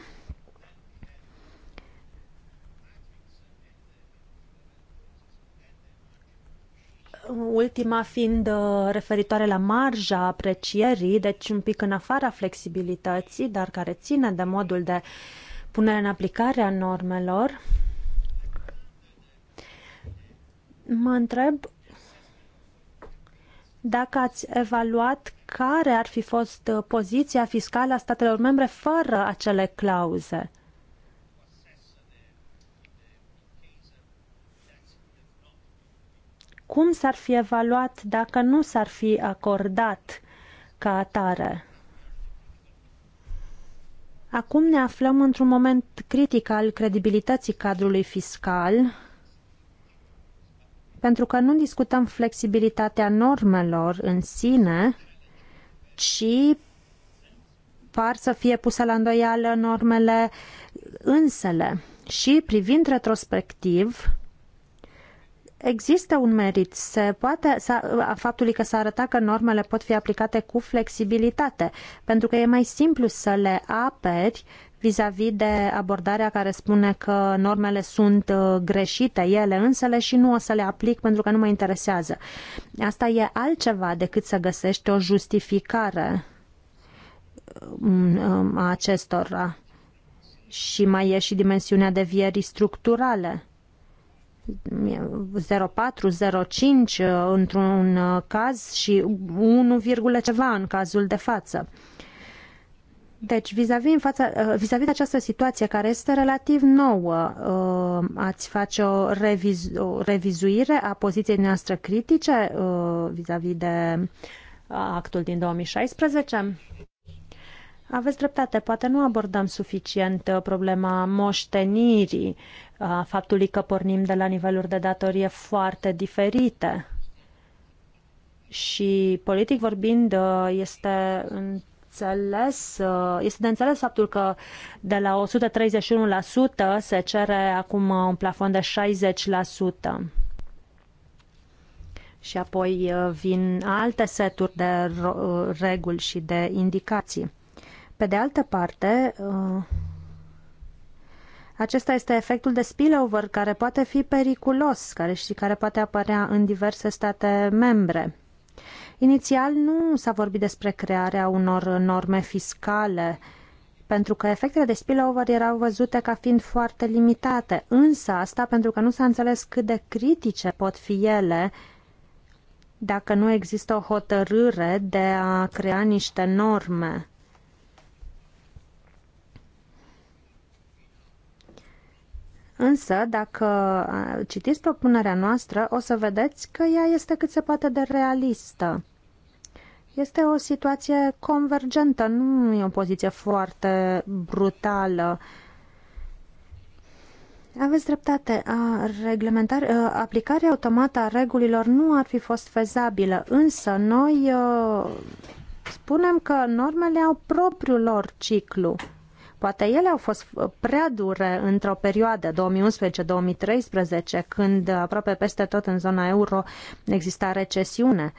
ultima fiind uh, referitoare la marja aprecierii, deci un pic în afara flexibilității, dar care ține de modul de punere în aplicare a normelor. Mă întreb dacă ați evaluat care ar fi fost uh, poziția fiscală a statelor membre fără acele clauze. cum s-ar fi evaluat dacă nu s-ar fi acordat ca atare. Acum ne aflăm într-un moment critic al credibilității cadrului fiscal, pentru că nu discutăm flexibilitatea normelor în sine, ci par să fie puse la îndoială normele însele. Și privind retrospectiv, există un merit se poate, a faptului că s-a arătat că normele pot fi aplicate cu flexibilitate, pentru că e mai simplu să le aperi vis-a-vis -vis de abordarea care spune că normele sunt uh, greșite ele însele și nu o să le aplic pentru că nu mă interesează. Asta e altceva decât să găsești o justificare um, um, a acestora. Și mai e și dimensiunea devierii structurale 0,4, 0,5 uh, într-un uh, caz și 1, ceva în cazul de față. Deci, vis-a-vis, în fața, uh, vis vis de această situație care este relativ nouă, ați face o, reviz, o revizuire a poziției noastre critice vis-a-vis -vis de actul din 2016? Aveți dreptate, poate nu abordăm suficient problema moștenirii a faptului că pornim de la niveluri de datorie foarte diferite. Și politic vorbind, este înțeles, este de înțeles faptul că de la 131% se cere acum un plafon de 60%. Și apoi uh, vin alte seturi de uh, reguli și de indicații. Pe de altă parte, uh, acesta este efectul de spillover care poate fi periculos care și care poate apărea în diverse state membre. Inițial nu s-a vorbit despre crearea unor norme fiscale pentru că efectele de spillover erau văzute ca fiind foarte limitate, însă asta pentru că nu s-a înțeles cât de critice pot fi ele dacă nu există o hotărâre de a crea niște norme. Însă, dacă citiți propunerea noastră, o să vedeți că ea este cât se poate de realistă. Este o situație convergentă, nu e o poziție foarte brutală. Aveți dreptate. A, reglementar, aplicarea automată a regulilor nu ar fi fost fezabilă, însă noi a, spunem că normele au propriul lor ciclu. Poate ele au fost uh, prea dure într-o perioadă 2011-2013, când uh, aproape peste tot în zona euro exista recesiune.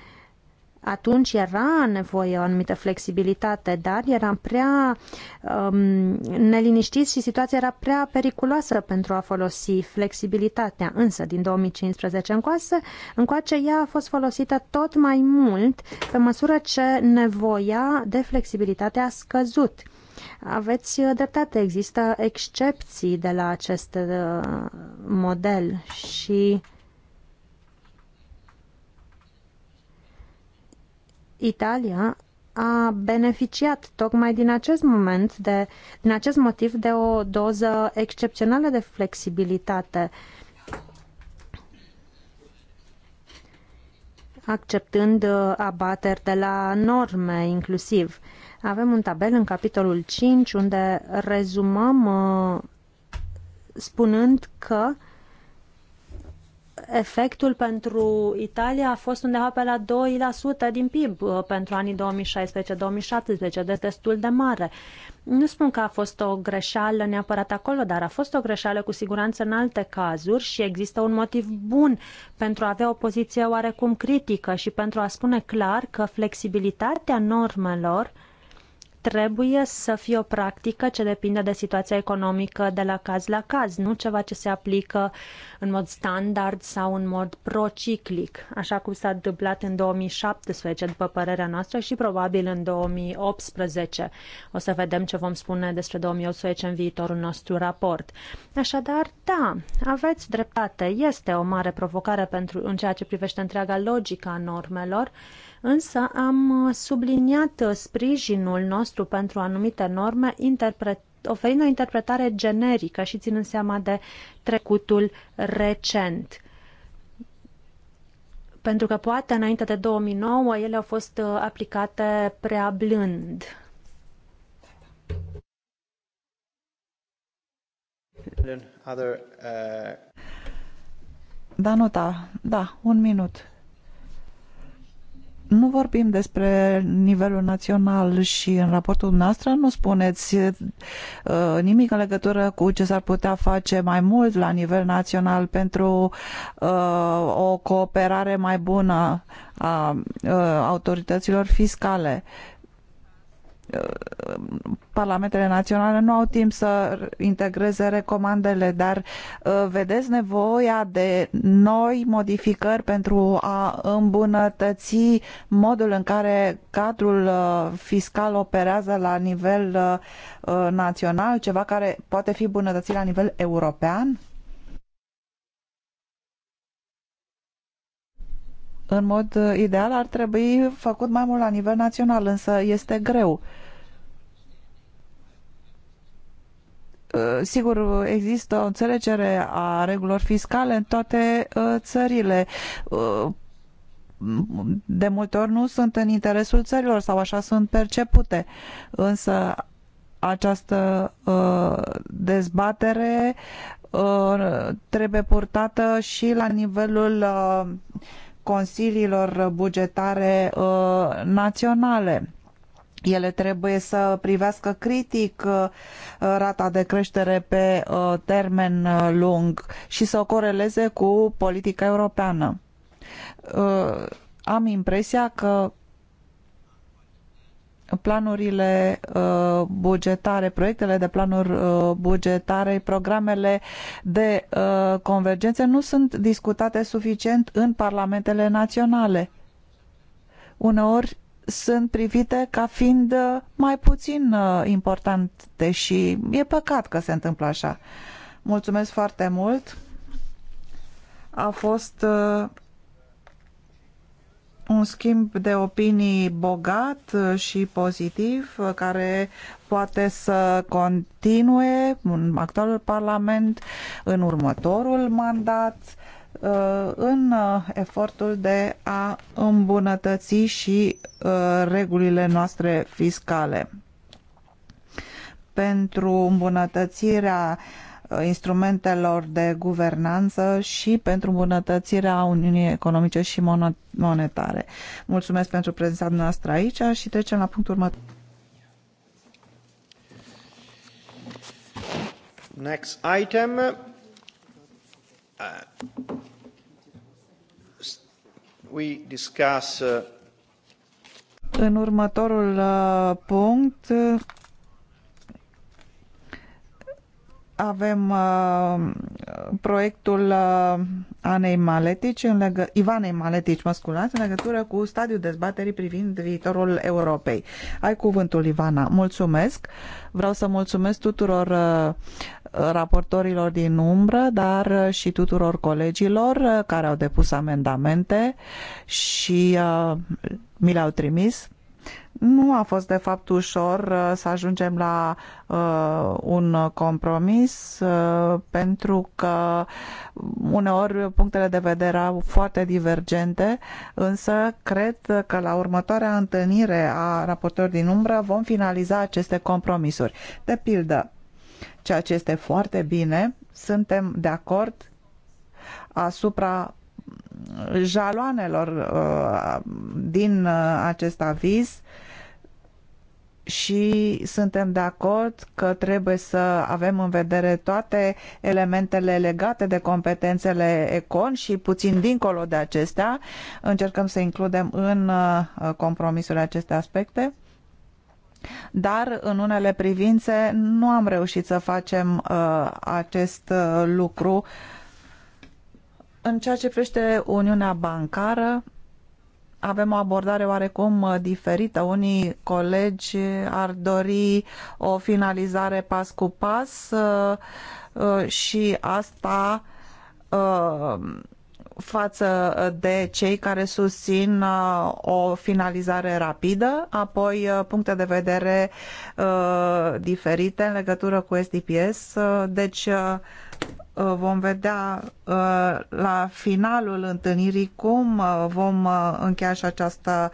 Atunci era nevoie o anumită flexibilitate, dar eram prea um, neliniștiți și situația era prea periculoasă pentru a folosi flexibilitatea. Însă, din 2015 încoace, încoace ea a fost folosită tot mai mult pe măsură ce nevoia de flexibilitate a scăzut. Aveți uh, dreptate, există excepții de la acest uh, model și Italia a beneficiat tocmai din acest moment, de, din acest motiv, de o doză excepțională de flexibilitate uh, acceptând uh, abateri de la norme inclusiv. Avem un tabel în capitolul 5 unde rezumăm uh, spunând că uh, efectul pentru Italia a fost undeva pe la 2% din PIB uh, pentru anii 2016-2017, deci destul de mare. Nu spun că a fost o greșeală neapărat acolo, dar a fost o greșeală cu siguranță în alte cazuri și există un motiv bun pentru a avea o poziție oarecum critică și pentru a spune clar că flexibilitatea normelor trebuie să fie o practică ce depinde de situația economică de la caz la caz, nu ceva ce se aplică în mod standard sau în mod prociclic, așa cum s-a întâmplat în 2017, după părerea noastră, și probabil în 2018. O să vedem ce vom spune despre 2018 în viitorul nostru raport. Așadar, da, aveți dreptate, este o mare provocare pentru, în ceea ce privește întreaga logică a normelor, însă am uh, subliniat uh, sprijinul nostru pentru anumite norme interpretate oferind o interpretare generică și ținând seama de trecutul recent. Pentru că poate înainte de 2009 ele au fost uh, aplicate prea blând. nota. da, un minut. Nu vorbim despre nivelul național și în raportul dumneavoastră nu spuneți uh, nimic în legătură cu ce s-ar putea face mai mult la nivel național pentru uh, o cooperare mai bună a uh, autorităților fiscale. Uh, parlamentele naționale nu au timp să integreze recomandele, dar uh, vedeți nevoia de noi modificări pentru a îmbunătăți modul în care cadrul uh, fiscal operează la nivel uh, național, ceva care poate fi îmbunătățit la nivel european? în mod ideal ar trebui făcut mai mult la nivel național, însă este greu. Uh, Eh, sigur, există o înțelegere a regulilor fiscale în toate eh, țările. Eh, de multe ori nu sunt în interesul țărilor sau așa sunt percepute. Însă această dezbatere trebuie purtată și la nivelul consiliilor bugetare naționale ele trebuie să privească critic uh, rata de creștere pe uh, termen uh, lung și să o coreleze cu politica europeană. Am impresia că planurile bugetare, proiectele de planuri bugetare, programele de convergență nu sunt discutate suficient în parlamentele naționale. Uneori sunt privite ca fiind uh, mai puțin uh, importante și e păcat că se întâmplă așa. Mulțumesc foarte mult. A fost uh, un schimb de opinii bogat și pozitiv care poate să continue în actualul Parlament, în următorul mandat Uh, în uh, efortul de a îmbunătăți și uh, regulile noastre fiscale. Pentru îmbunătățirea instrumentelor de guvernanță și pentru îmbunătățirea Uniunii Economice și Monetare. Mulțumesc pentru prezența noastră aici și trecem la punctul următor. Next item. Uh, we uh, în următorul uh, punct uh, avem uh, proiectul uh, Anei Maletici, în legă, Ivanei Maletici, mă sculați, în legătură cu stadiul dezbaterii privind viitorul Europei. Ai cuvântul, Ivana. Mulțumesc. Vreau să mulțumesc tuturor uh, raportorilor din umbră, dar și tuturor colegilor uh, care au depus amendamente și uh, mi le-au trimis. Nu a fost, de fapt, ușor uh, să ajungem la uh, un compromis, uh, pentru că uneori punctele de vedere au foarte divergente, însă cred că la următoarea întâlnire a raportorilor din umbră vom finaliza aceste compromisuri. De pildă, ceea ce este foarte bine, suntem de acord asupra jaloanelor uh, din uh, acest aviz și suntem de acord că trebuie să avem în vedere toate elementele legate de competențele ECON și puțin dincolo de acestea. Încercăm să includem în uh, compromisul aceste aspecte. Dar în unele privințe nu am reușit să facem acest lucru uh, în ceea ce privește Uniunea Bancară, avem o abordare oarecum uh, diferită. Unii colegi ar dori o finalizare pas cu pas uh, uh, și asta față de cei care susțin o finalizare rapidă, apoi puncte de vedere diferite în legătură cu SDPS. Deci Uh, vom vedea uh, la finalul întâlnirii cum uh, vom încheia și această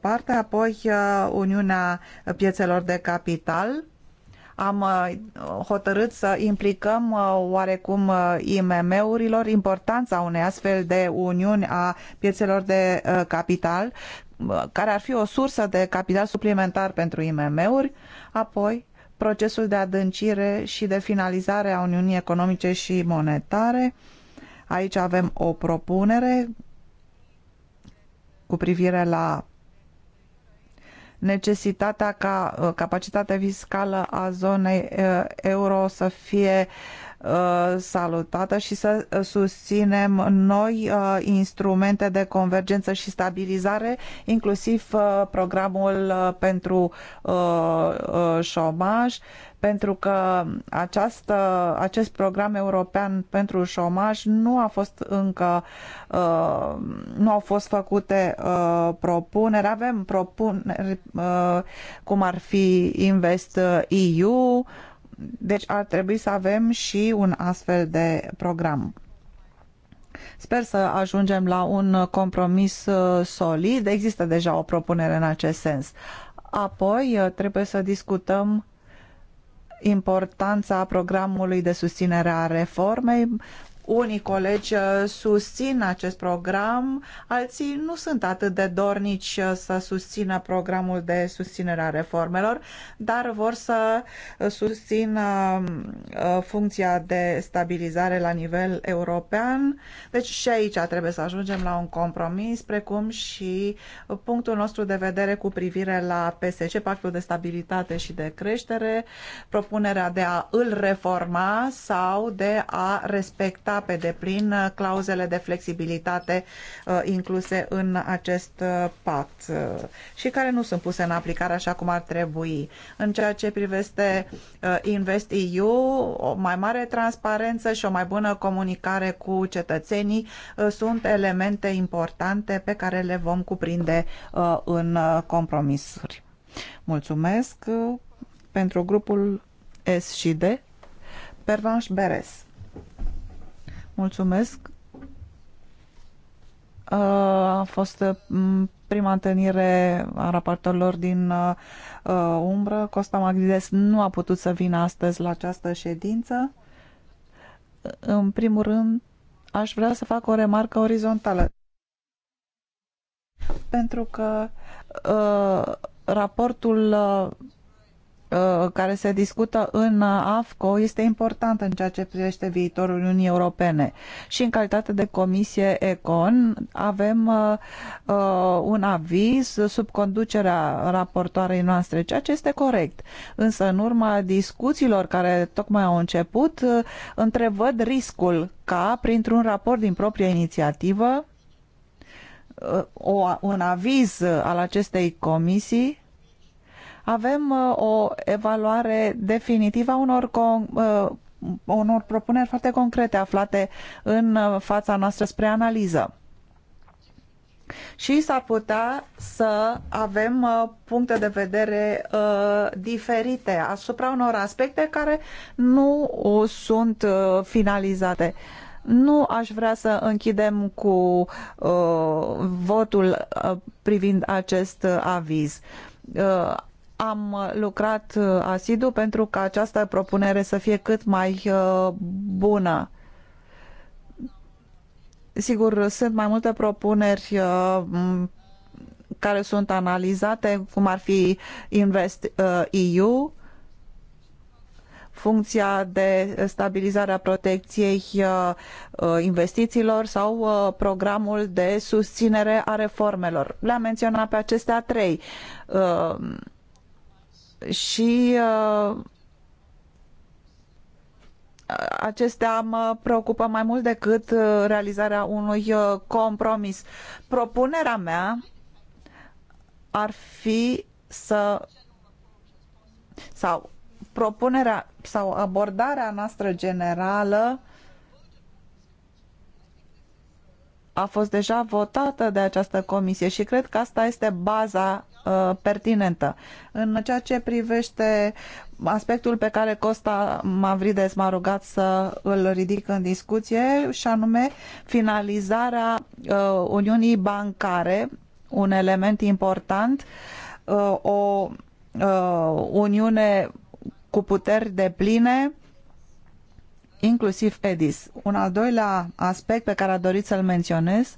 parte, apoi Uniunea Piețelor de Capital. Am hotărât să implicăm oarecum IMM-urilor importanța unei astfel de uniuni a piețelor de capital, care ar fi o sursă de capital suplimentar pentru IMM-uri, apoi procesul de adâncire și de finalizare a Uniunii Economice și Monetare. Aici avem o propunere cu privire la necesitatea ca uh, capacitatea fiscală a zonei uh, euro să fie uh, Uh, salutată și să uh, susținem noi uh, instrumente de convergență și stabilizare, inclusiv programul pentru șomaj, pentru că această, acest program european pentru șomaj nu a fost încă nu au fost făcute propuneri, avem propuneri cum ar fi Invest EU deci ar trebui să avem și un astfel de program. Sper să ajungem la un compromis uh, solid. Există deja o propunere în acest sens. Apoi uh, trebuie să discutăm importanța programului de susținere a reformei, unii colegi uh, susțin acest program, alții nu sunt atât de dornici uh, să susțină programul de susținere a reformelor, dar vor să uh, susțină um, funcția de stabilizare la nivel european. Deci și aici trebuie să ajungem la un compromis, precum și punctul nostru de vedere cu privire la PSC, Pactul de Stabilitate și de Creștere, propunerea de a îl reforma sau de a respecta respecta pe deplin clauzele de flexibilitate uh, incluse în acest uh, pact uh, și care nu sunt puse în aplicare așa cum ar trebui. În ceea ce privește InvestEU, o mai mare transparență și o mai bună comunicare cu cetățenii sunt elemente importante pe care le vom cuprinde în compromisuri. Mulțumesc pentru grupul S și D. Beres. Mulțumesc. A fost prima întâlnire a raportorilor din umbră. Costa Magdides nu a putut să vină astăzi la această ședință. În primul rând, aș vrea să fac o remarcă orizontală. Pentru că raportul Uh, care se discută în uh, AFCO este importantă în ceea ce privește viitorul Uniunii Europene. Și în calitate de Comisie ECON avem uh, un aviz sub conducerea raportoarei noastre, ceea ce este corect. Însă în urma discuțiilor care tocmai au început, întrevăd riscul ca printr-un raport din propria inițiativă o, un aviz al acestei comisii avem uh, o evaluare definitivă a unor uh, unor propuneri foarte concrete aflate în uh, fața noastră spre analiză. Și s-ar putea să avem puncte de vedere diferite asupra unor aspecte care nu sunt finalizate. Nu aș vrea să închidem cu votul privind acest aviz am lucrat uh, asidu pentru ca această propunere să fie cât mai uh, bună. Sigur, sunt mai multe propuneri uh, care sunt analizate, cum ar fi Invest EU, funcția de stabilizare a protecției investițiilor sau programul de susținere a reformelor. Le-am menționat pe acestea trei și uh, acestea mă preocupă mai mult decât uh, realizarea unui uh, compromis. Propunerea mea ar fi să sau propunerea sau abordarea noastră generală a fost deja votată de această comisie și cred că asta este baza Uh, pertinentă. În ceea ce privește aspectul pe care Costa Mavrides m-a rugat să îl ridic în discuție și anume finalizarea uh, Uniunii Bancare, un element important, uh, o Uniune cu puteri de pline, inclusiv EDIS. Un al doilea aspect pe care a dorit să-l menționez uh,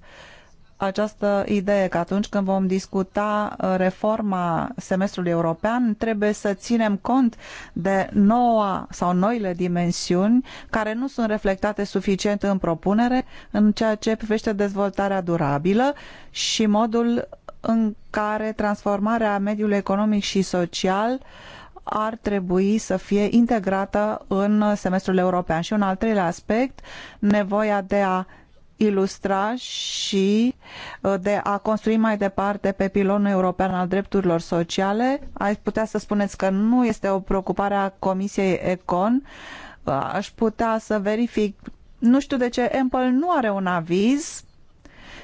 această idee că atunci când vom discuta uh, reforma semestrului european, trebuie să ținem cont de noua sau noile dimensiuni care nu sunt reflectate suficient în propunere în ceea ce privește dezvoltarea durabilă și modul în care transformarea mediului economic și social ar trebui să fie integrată în semestrul european. Și un al treilea aspect, nevoia de a ilustra și uh, de a construi mai departe pe pilonul european al drepturilor sociale. Ai putea să spuneți că nu este o preocupare a Comisiei Econ. Uh, aș putea să verific. Nu știu de ce Apple nu are un aviz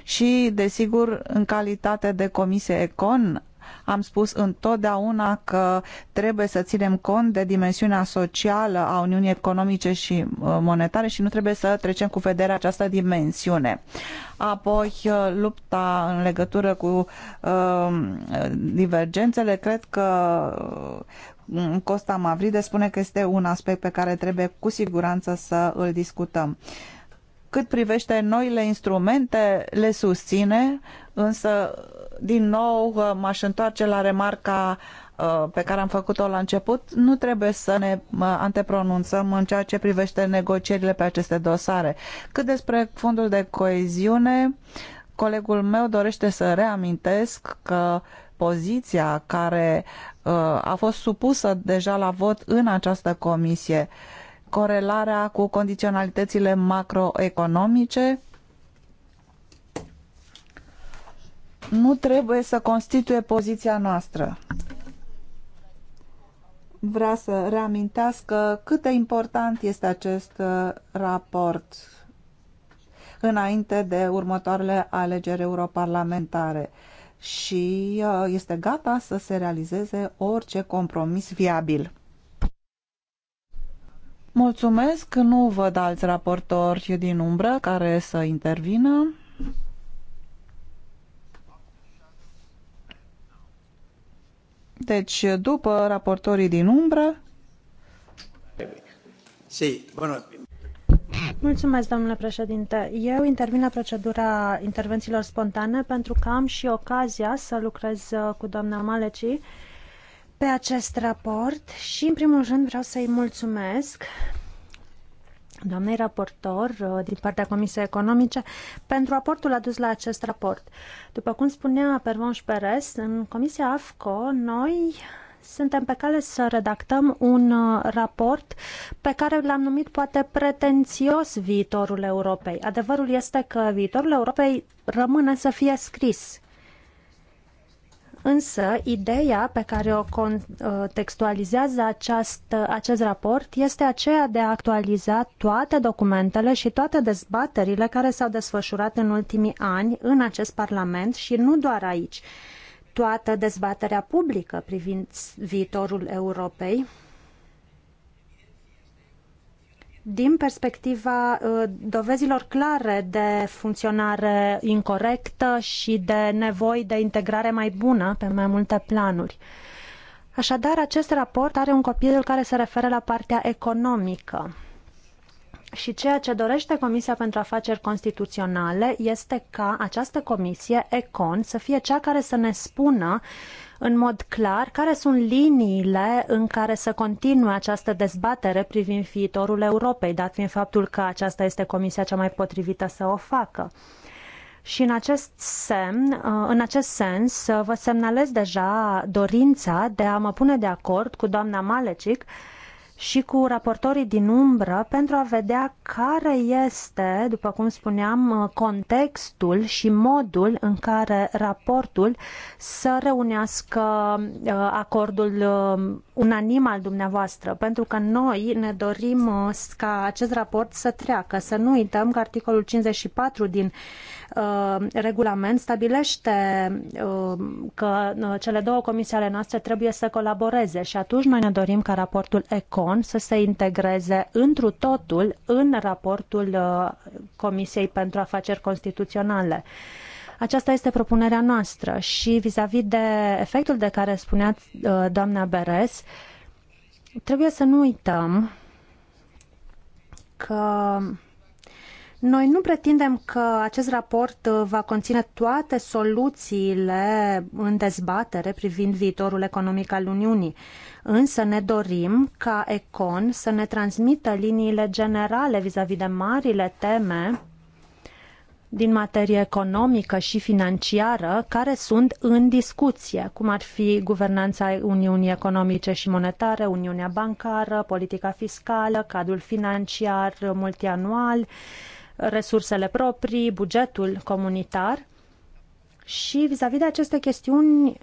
și, desigur, în calitate de Comisie Econ, am spus întotdeauna că trebuie să ținem cont de dimensiunea socială a Uniunii Economice și uh, Monetare și nu trebuie să trecem cu vederea această dimensiune. Apoi, uh, lupta în legătură cu uh, divergențele, cred că uh, Costa Mavride spune că este un aspect pe care trebuie cu siguranță să îl discutăm. Cât privește noile instrumente, le susține, însă din nou uh, m-aș întoarce la remarca uh, pe care am făcut-o la început, nu trebuie să ne uh, antepronunțăm în ceea ce privește negocierile pe aceste dosare. Cât despre fondul de coeziune, colegul meu dorește să reamintesc că poziția care a fost supusă deja la vot în această comisie, corelarea cu condiționalitățile macroeconomice, nu trebuie să constituie poziția noastră. Vreau să reamintească cât de important este acest uh, raport înainte de următoarele alegeri europarlamentare și uh, este gata să se realizeze orice compromis viabil. Mulțumesc, nu văd alți raportori din umbră care să intervină. Deci, după raportorii din umbră... Mulțumesc, domnule președinte. Eu intervin la procedura intervențiilor spontane pentru că am și ocazia să lucrez uh, cu doamna Maleci pe acest raport și, în primul rând, vreau să-i mulțumesc doamnei raportor uh, din partea Comisiei Economice pentru aportul adus la acest raport. După cum spunea Pervon Perez, în Comisia AFCO noi suntem pe cale să redactăm un uh, raport pe care l-am numit poate pretențios viitorul Europei. Adevărul este că viitorul Europei rămâne să fie scris Însă, ideea pe care o contextualizează uh, această, uh, acest raport este aceea de a actualiza toate documentele și toate dezbaterile care s-au desfășurat în ultimii ani în acest Parlament și nu doar aici. Toată dezbaterea publică privind viitorul Europei, din perspectiva uh, dovezilor clare de funcționare incorrectă și de nevoi de integrare mai bună pe mai multe planuri. Așadar, acest raport are un copil care se referă la partea economică. Și ceea ce dorește Comisia pentru Afaceri Constituționale este ca această comisie, ECON, să fie cea care să ne spună uh, în mod clar care sunt liniile în care să continue această dezbatere privind viitorul Europei, dat fiind faptul că aceasta este comisia cea mai potrivită să o facă. Și în acest, semn, uh, în acest sens uh, vă semnalez deja dorința de a mă pune de acord cu doamna Malecic și cu raportorii din umbră pentru a vedea care este, după cum spuneam, contextul și modul în care raportul să reunească uh, acordul uh, unanim al dumneavoastră, pentru că noi ne dorim uh, ca acest raport să treacă, să nu uităm că articolul 54 din Uh, regulament stabilește uh, că uh, cele două comisii ale noastre trebuie să colaboreze și atunci noi ne dorim ca raportul ECON să se integreze întru totul în raportul Comisiei pentru Afaceri Constituționale. Aceasta este propunerea noastră și vis-a-vis -vis de efectul de care spunea doamna Beres, trebuie să nu uităm că noi nu pretindem că acest raport uh, va conține toate soluțiile în dezbatere privind viitorul economic al Uniunii, însă ne dorim ca Econ să ne transmită liniile generale vis-a-vis -vis de marile teme din materie economică și financiară care sunt în discuție, cum ar fi guvernanța Uniunii Economice și Monetare, Uniunea Bancară, politica fiscală, cadrul financiar multianual, resursele proprii, bugetul comunitar. Și vis-a-vis -vis de aceste chestiuni,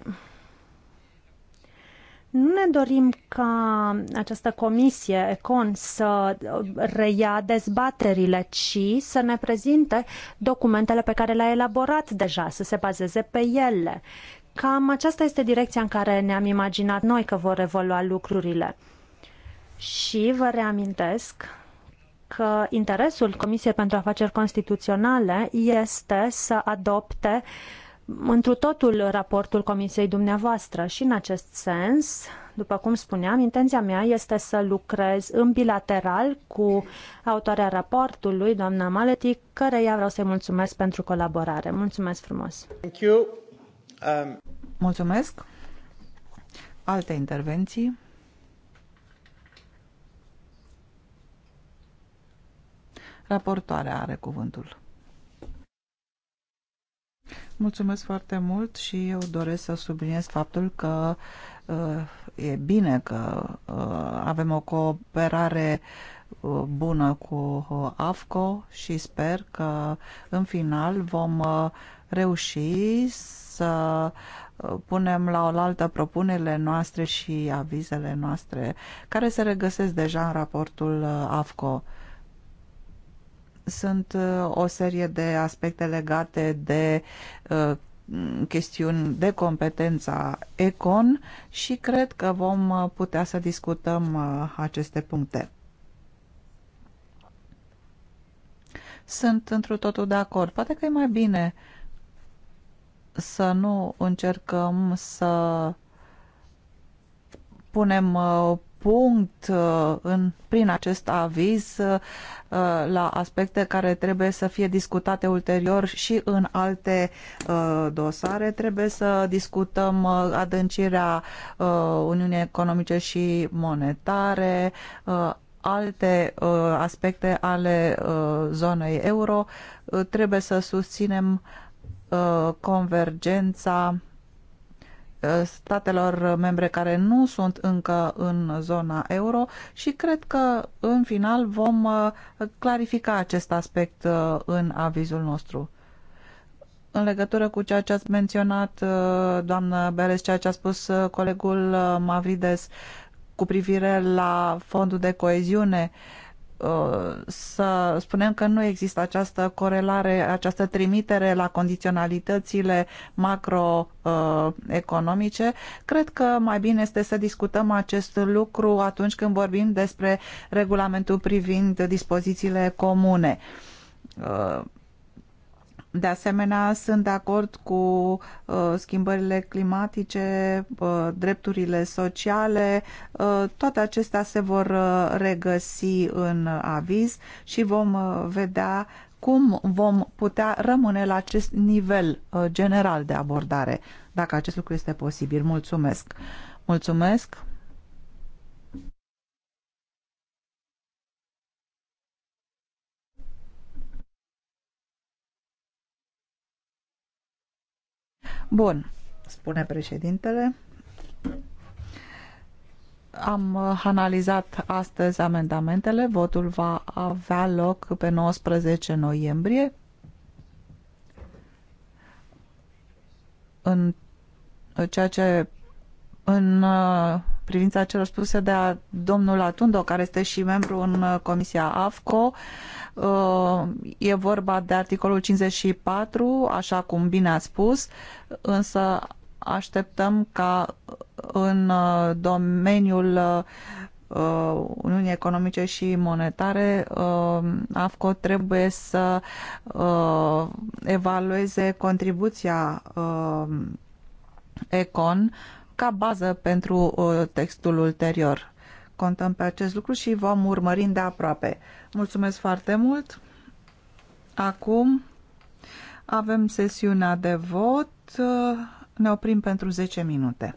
nu ne dorim ca această comisie ECON să reia dezbaterile, ci să ne prezinte documentele pe care le-a elaborat deja, să se bazeze pe ele. Cam aceasta este direcția în care ne-am imaginat noi că vor evolua lucrurile. Și vă reamintesc că interesul Comisiei pentru Afaceri Constituționale este să adopte întru totul raportul Comisiei dumneavoastră și în acest sens, după cum spuneam, intenția mea este să lucrez în bilateral cu autoarea raportului, doamna Maleti, căreia vreau să-i mulțumesc pentru colaborare. Mulțumesc frumos! Thank you. Um... Mulțumesc! Alte intervenții? Raportoarea are cuvântul. Mulțumesc foarte mult și eu doresc să subliniez faptul că uh, e bine că uh, avem o cooperare uh, bună cu AFCO și sper că în final vom reuși să punem la oaltă propunerile noastre și avizele noastre care se regăsesc deja în raportul AFCO sunt uh, o serie de aspecte legate de uh, chestiuni de competența ECON și cred că vom uh, putea să discutăm aceste puncte. Sunt întru totul de acord. Poate că e mai bine să nu încercăm să punem punct uh, în, prin acest aviz uh, uh, la aspecte care trebuie să fie discutate ulterior și în alte dosare. Trebuie să discutăm adâncirea Uniunii Economice și Monetare, alte aspecte ale zonei euro. Trebuie să susținem convergența statelor membre care nu sunt încă în zona euro și cred că în final vom uh, clarifica acest aspect uh, în avizul nostru. În legătură cu ceea ce ați menționat, uh, doamnă Beres, ceea ce a spus colegul Mavrides cu privire la fondul de coeziune, uh, Uh, să spunem că nu există această corelare, această trimitere la condiționalitățile macroeconomice. Cred că mai bine este să discutăm acest lucru atunci când vorbim despre regulamentul privind dispozițiile comune uh, de asemenea, sunt de acord cu uh, schimbările climatice, uh, drepturile sociale, uh, toate acestea se vor uh, regăsi în uh, aviz și vom uh, vedea cum vom putea rămâne la acest nivel general de abordare, dacă acest lucru este posibil. Mulțumesc! Mulțumesc! Bun, spune președintele. Am uh, analizat astăzi amendamentele. Votul va avea loc pe 19 noiembrie. În ceea ce în uh, privința celor spuse de domnul Atundo, care este și membru în uh, Comisia AFCO. Uh, e vorba de articolul 54, așa cum bine a spus, însă așteptăm ca în uh, domeniul Uniunii Economice și Monetare, AFCO trebuie să evalueze contribuția Econ ca bază pentru uh, textul ulterior. Contăm pe acest lucru și vom urmări de aproape. Mulțumesc foarte mult! Acum avem sesiunea de vot. Uh, ne oprim pentru 10 minute.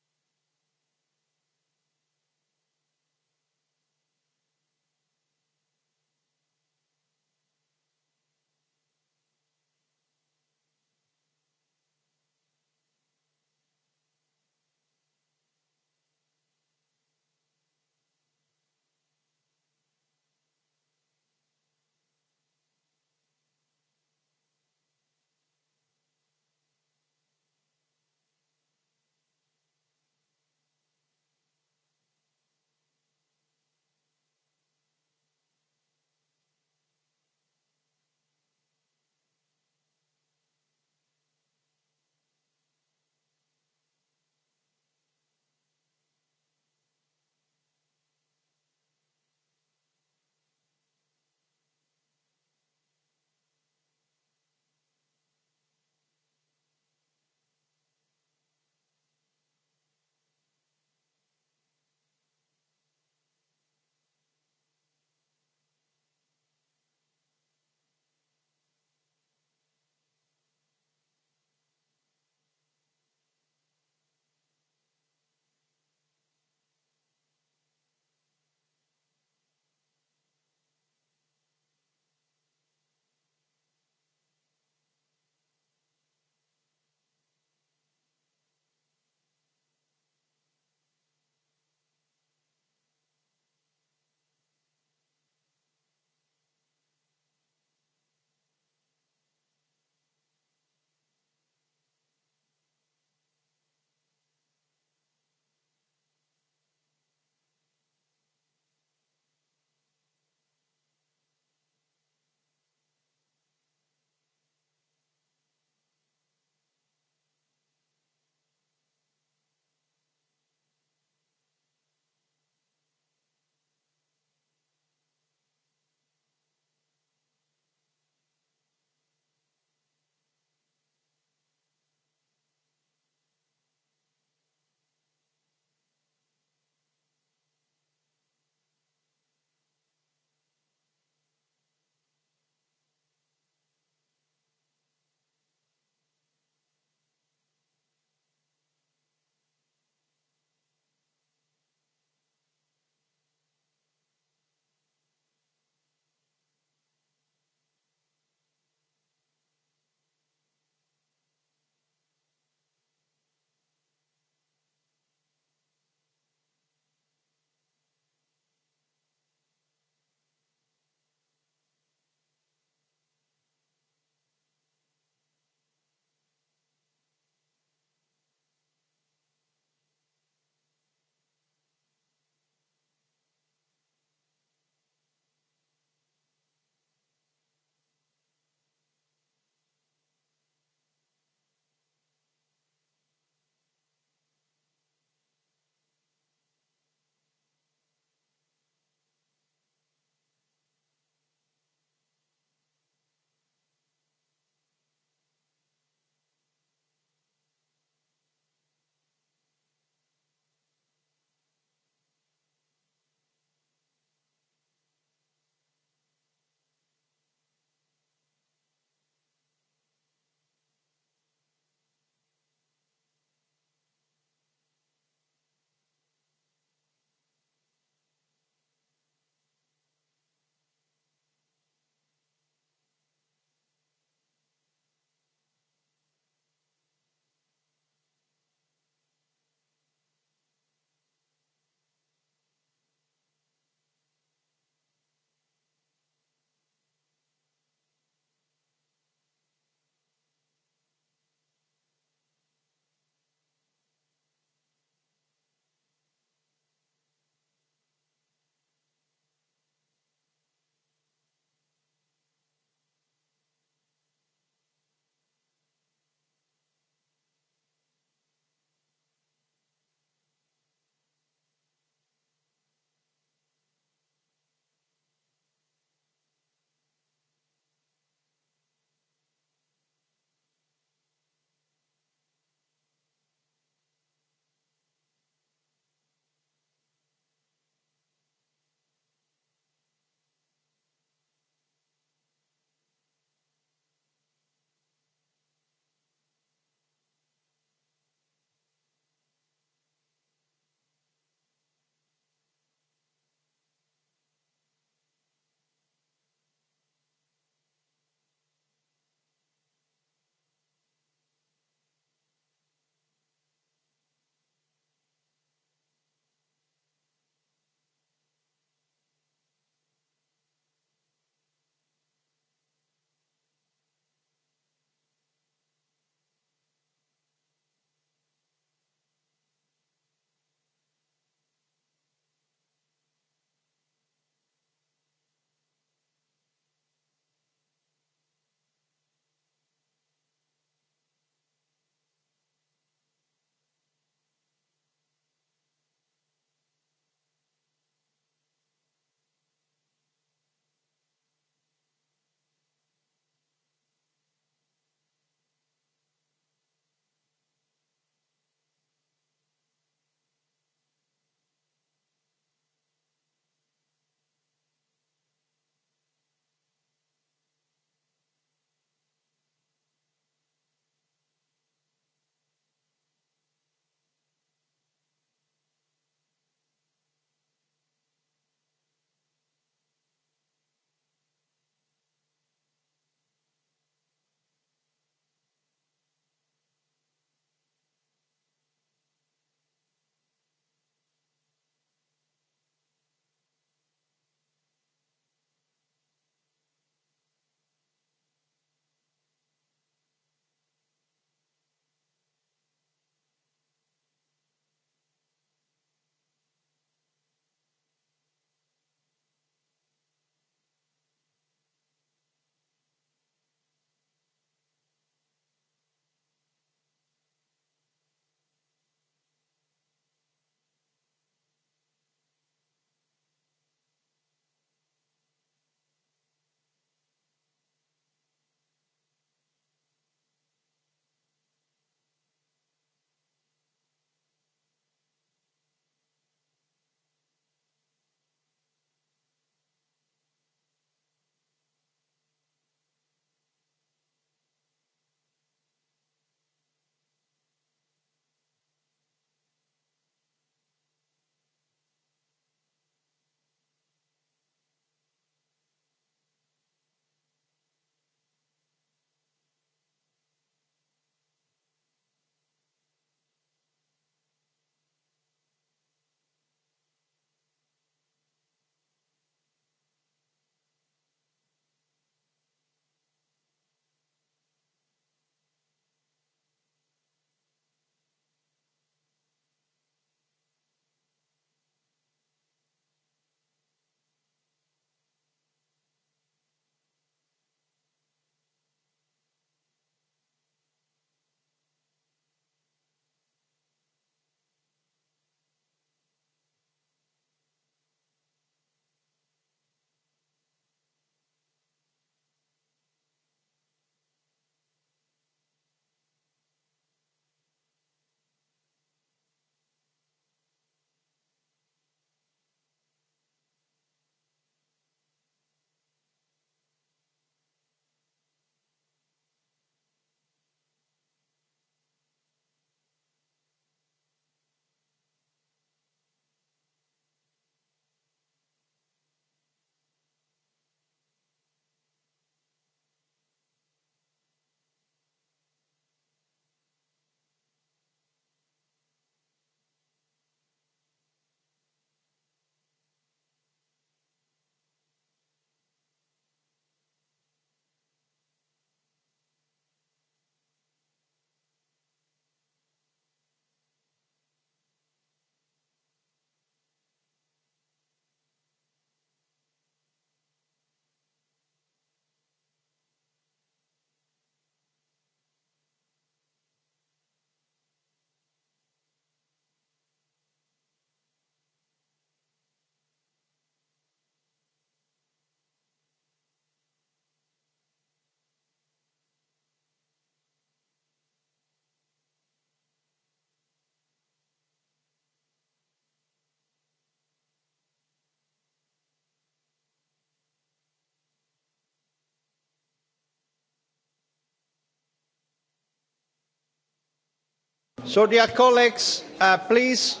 So, dear colleagues, uh, please,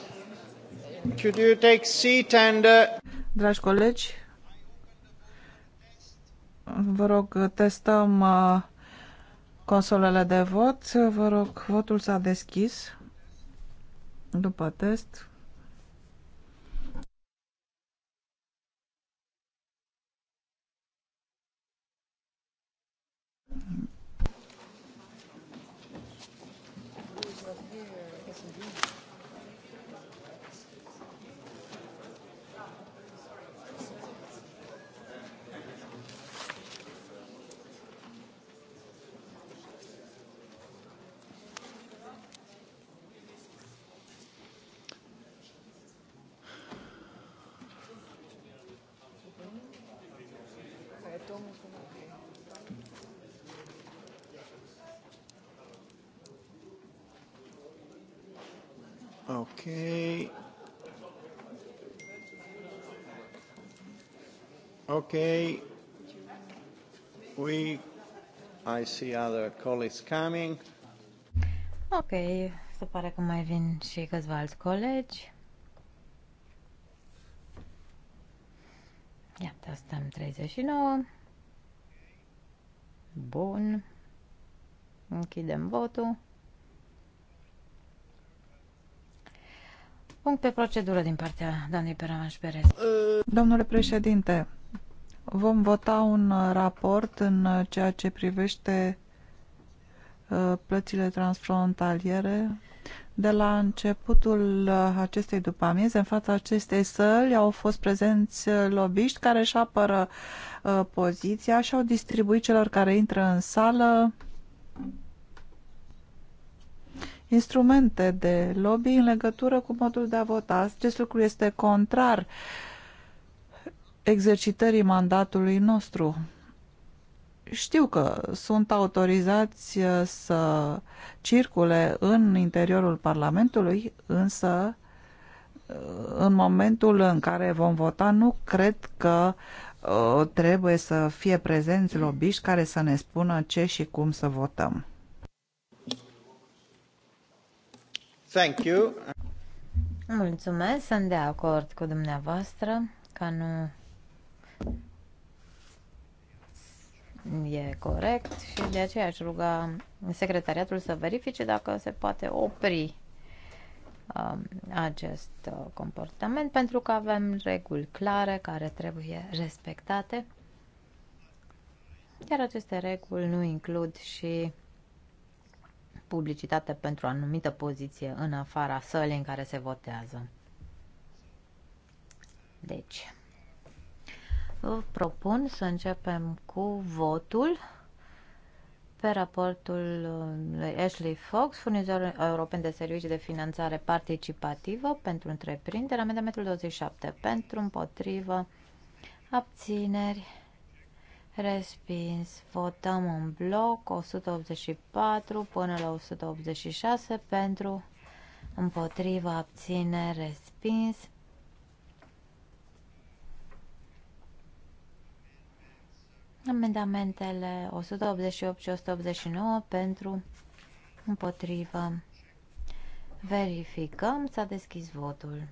could you take seat and... Uh... Dragi colegi, vă rog, testăm uh, consolele de vot. Vă rog, votul s-a deschis. După test, Okay. We I see other colleagues coming. Ok, se pare că mai vin și câțiva alți colegi. Iată, stăm 39. Bun. Închidem votul. Punct pe procedură din partea doamnei Peramaș Perez. Domnule președinte, Vom vota un uh, raport în uh, ceea ce privește uh, plățile transfrontaliere. De la începutul acestei după amieze, în fața acestei săli, au fost prezenți lobiști care își apără poziția și au distribuit celor care intră în sală instrumente de lobby în legătură cu modul de a vota. Acest lucru este contrar uh, exercitării mandatului nostru. Știu că sunt autorizați uh, să circule în interiorul Parlamentului, însă uh, în momentul în care vom vota, nu cred că uh, trebuie să fie prezenți lobiști care să ne spună ce și cum să votăm. Thank you. Mulțumesc, sunt de acord cu dumneavoastră că nu e corect și de aceea aș ruga secretariatul să verifice dacă se poate opri um, acest uh, comportament pentru că avem reguli clare care trebuie respectate iar aceste reguli nu includ și publicitate pentru o anumită poziție în afara sălii în care se votează. Deci, propun să începem cu votul pe raportul lui Ashley Fox, furnizorul european de servicii de finanțare participativă pentru întreprindere, amendamentul 27, pentru, împotrivă, abțineri, respins. Votăm în bloc 184 până la 186 pentru, împotrivă, abțineri, respins. Amendamentele 188 și 189 pentru împotrivă. Verificăm. S-a deschis votul.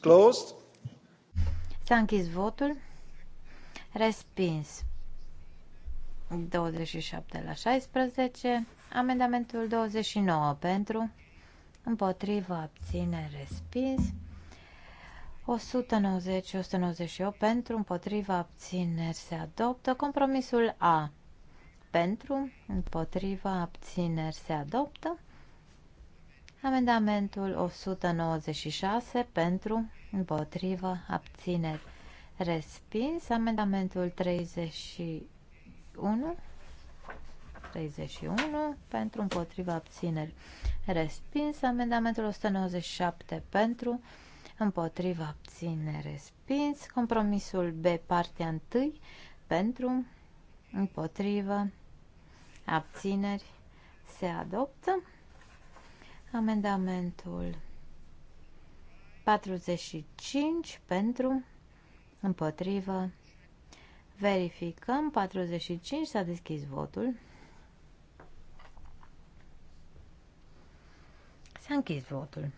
Closed S-a închis votul. Respins. 27 la 16. Amendamentul 29 pentru. Împotrivă abține respins. 190-198 pentru, împotriva abțineri se adoptă. Compromisul A pentru, împotriva abțineri se adoptă. Amendamentul 196 pentru, împotrivă, abțineri. Respins. Amendamentul 31. 31 pentru, împotrivă, abțineri. Respins. Amendamentul 197 pentru, împotrivă, abțineri. Respins. Compromisul B, partea 1 pentru, împotrivă, abțineri. Se adoptă. Amendamentul 45 pentru, împotrivă. Verificăm. 45 s-a deschis votul. S-a închis votul.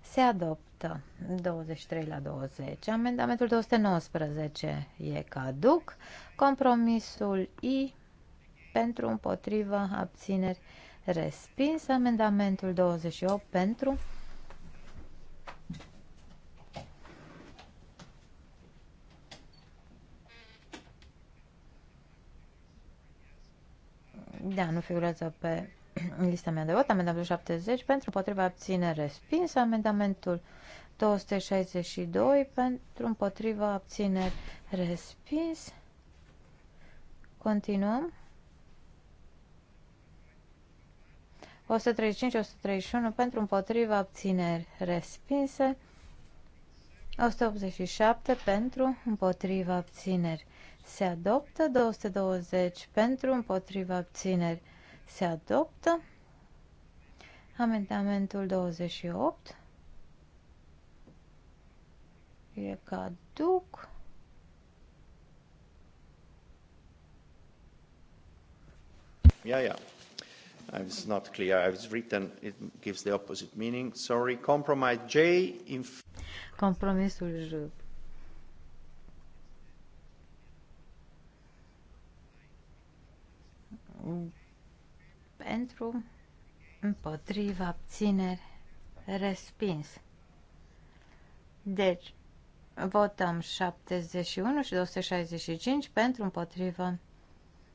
Se adoptă 23 la 20. Amendamentul 219 e caduc. Compromisul I pentru împotrivă abțineri respins. Amendamentul 28 pentru, Da, nu figurează pe *clears throat* lista mea de vot. Amendamentul 70 pentru împotriva abține respins. Amendamentul 262 pentru împotriva abțineri respins. Continuăm. 135-131 pentru împotriva abțineri respinse. 187 pentru împotriva abțineri se adoptă. 220 pentru împotriva abțineri se adoptă. Amendamentul 28 e caduc. Yeah, yeah. It's not clear. It's written, it gives the opposite meaning. Sorry. Compromise J in... Compromisul J. Pentru, împotriva, abțineri, respins. Deci, votăm 71 și 265 pentru, împotriva,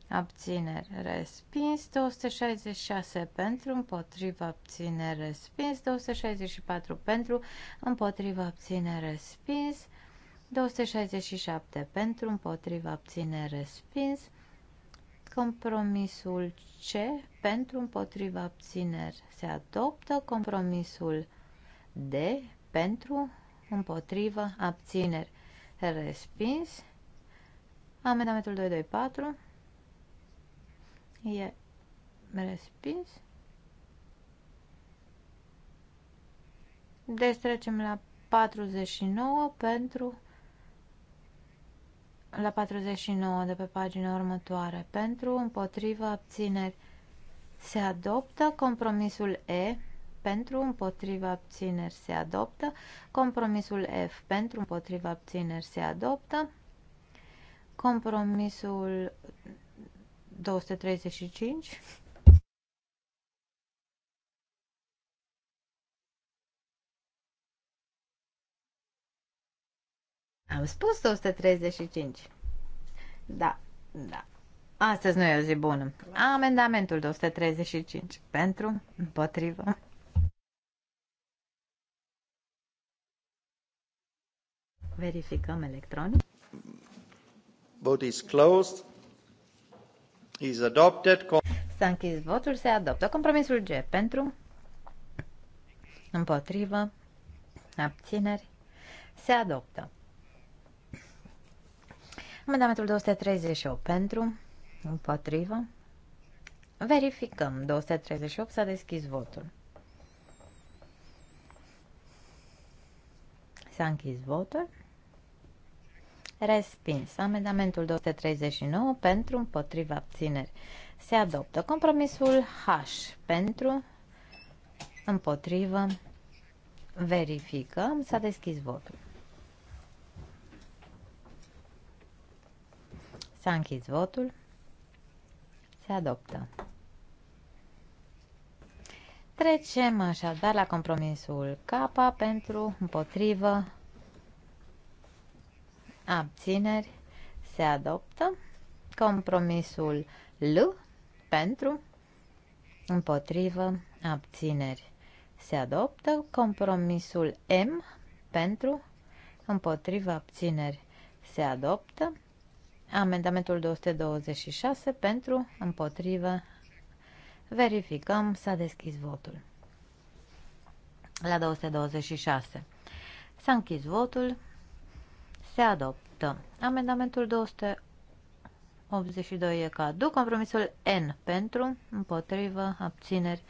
abțineri respins, 266 pentru, împotriva abțineri respins, 264 pentru, împotriva abțineri respins, 267 pentru, împotriva abțineri respins, compromisul C pentru, împotriva abțineri se adoptă, compromisul D pentru, împotriva abțineri respins, amendamentul 224 E respins. Deci trecem la 49 pentru la 49 de pe pagina următoare. Pentru, împotrivă, abțineri se adoptă compromisul E pentru, împotriva abțineri se adoptă, compromisul F pentru, împotriva abțineri se adoptă, compromisul 235. Am spus 235. Da, da. Astăzi nu e o zi bună. Amendamentul 235. Pentru, împotrivă. Verificăm electronic. Vote is closed. Is adopted. S-a închis votul, se adoptă. Compromisul G pentru, împotrivă, abțineri, se adoptă. Amendamentul 238 pentru, împotrivă. Verificăm. 238 s-a deschis votul. S-a închis votul. Respins. Amendamentul 239 pentru împotriva abțineri. Se adoptă. Compromisul H pentru împotrivă. Verificăm. S-a deschis votul. S-a închis votul. Se adoptă. Trecem așadar la compromisul K pentru împotrivă abțineri, se adoptă. Compromisul L pentru, împotrivă, abțineri, se adoptă. Compromisul M pentru, împotrivă, abțineri, se adoptă. Amendamentul 226 pentru, împotrivă, verificăm, s-a deschis votul. La 226. S-a închis votul. Se adoptă. Amendamentul 282 e caduc. Compromisul N pentru, împotrivă, abțineri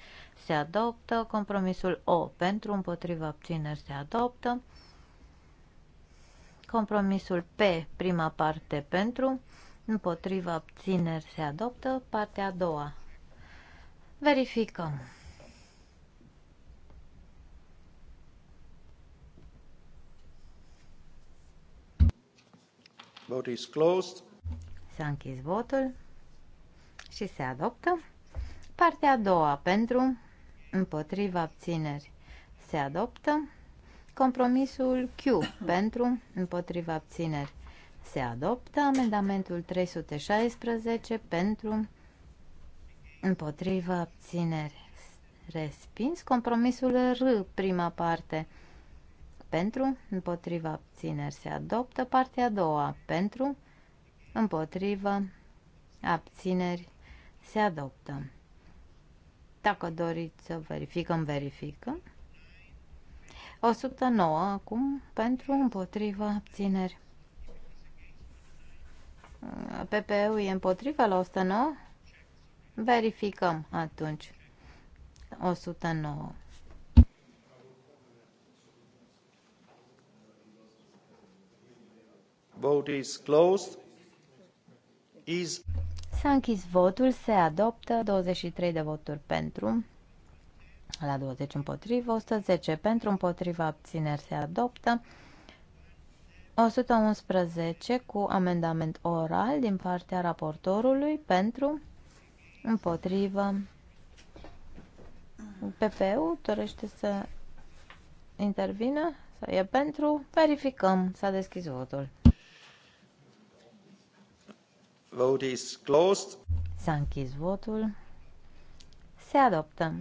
se adoptă. Compromisul O pentru, împotrivă, abțineri se adoptă. Compromisul P, prima parte pentru, împotrivă, abțineri se adoptă. Partea a doua. Verificăm. Vote is closed. S-a închis votul și se adoptă. Partea a doua pentru, împotriva abțineri se adoptă. Compromisul Q pentru, împotriva abțineri se adoptă. Amendamentul 316 pentru, împotriva abțineri respins. Compromisul R, prima parte, pentru, împotriva abțineri se adoptă. Partea a doua pentru, împotriva abțineri se adoptă. Dacă doriți să verificăm, verificăm. 109 acum pentru, împotriva abțineri. PPE-ul e împotriva la 109? Verificăm atunci. 109. Vote is closed. Is... S-a închis votul, se adoptă 23 de voturi pentru, la 20 împotrivă, 110 pentru, împotriva abțineri se adoptă, 111 cu amendament oral din partea raportorului pentru, împotrivă. PPU dorește să intervină? să e pentru? Verificăm. S-a deschis votul. Vote is closed. S-a închis votul. Se adoptă.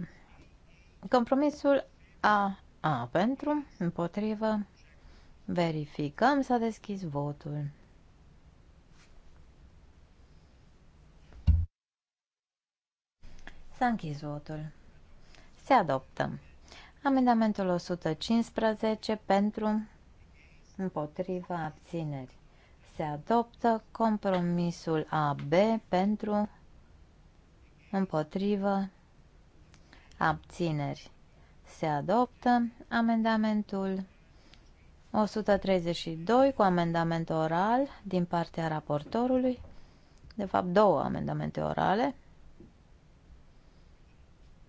Compromisul A. A pentru, împotrivă. Verificăm, s-a deschis votul. S-a închis votul. Se adoptă. Amendamentul 115 pentru, împotrivă, abțineri se adoptă. Compromisul AB pentru, împotrivă, abțineri se adoptă. Amendamentul 132 cu amendament oral din partea raportorului. De fapt, două amendamente orale.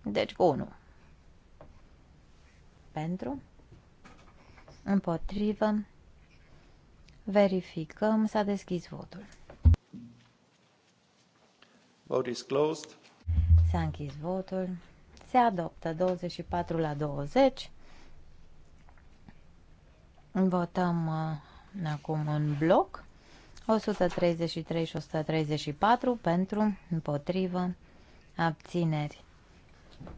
Deci, unul. Pentru, împotrivă, Verificăm. S-a deschis votul. Vote is closed. S-a închis votul. Se adoptă 24 la 20. Votăm uh, acum în bloc. 133 și 134 pentru, împotrivă, abțineri.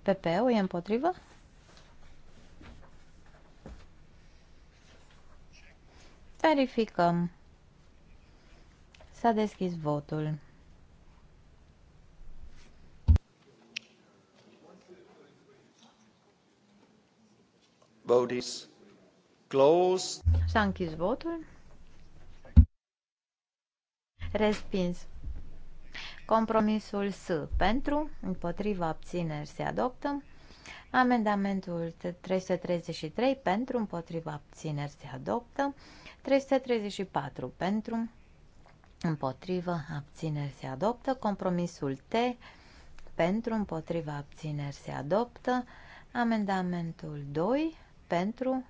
PP-ul e împotrivă? Verificăm. S-a deschis votul. Vote is closed. S-a închis votul. Respins. Compromisul S pentru, împotriva abțineri se adoptă. Amendamentul 333 pentru, împotriva abțineri se adoptă. 334 pentru, împotrivă, abțineri se adoptă. Compromisul T pentru, împotrivă, abțineri se adoptă. Amendamentul 2 pentru,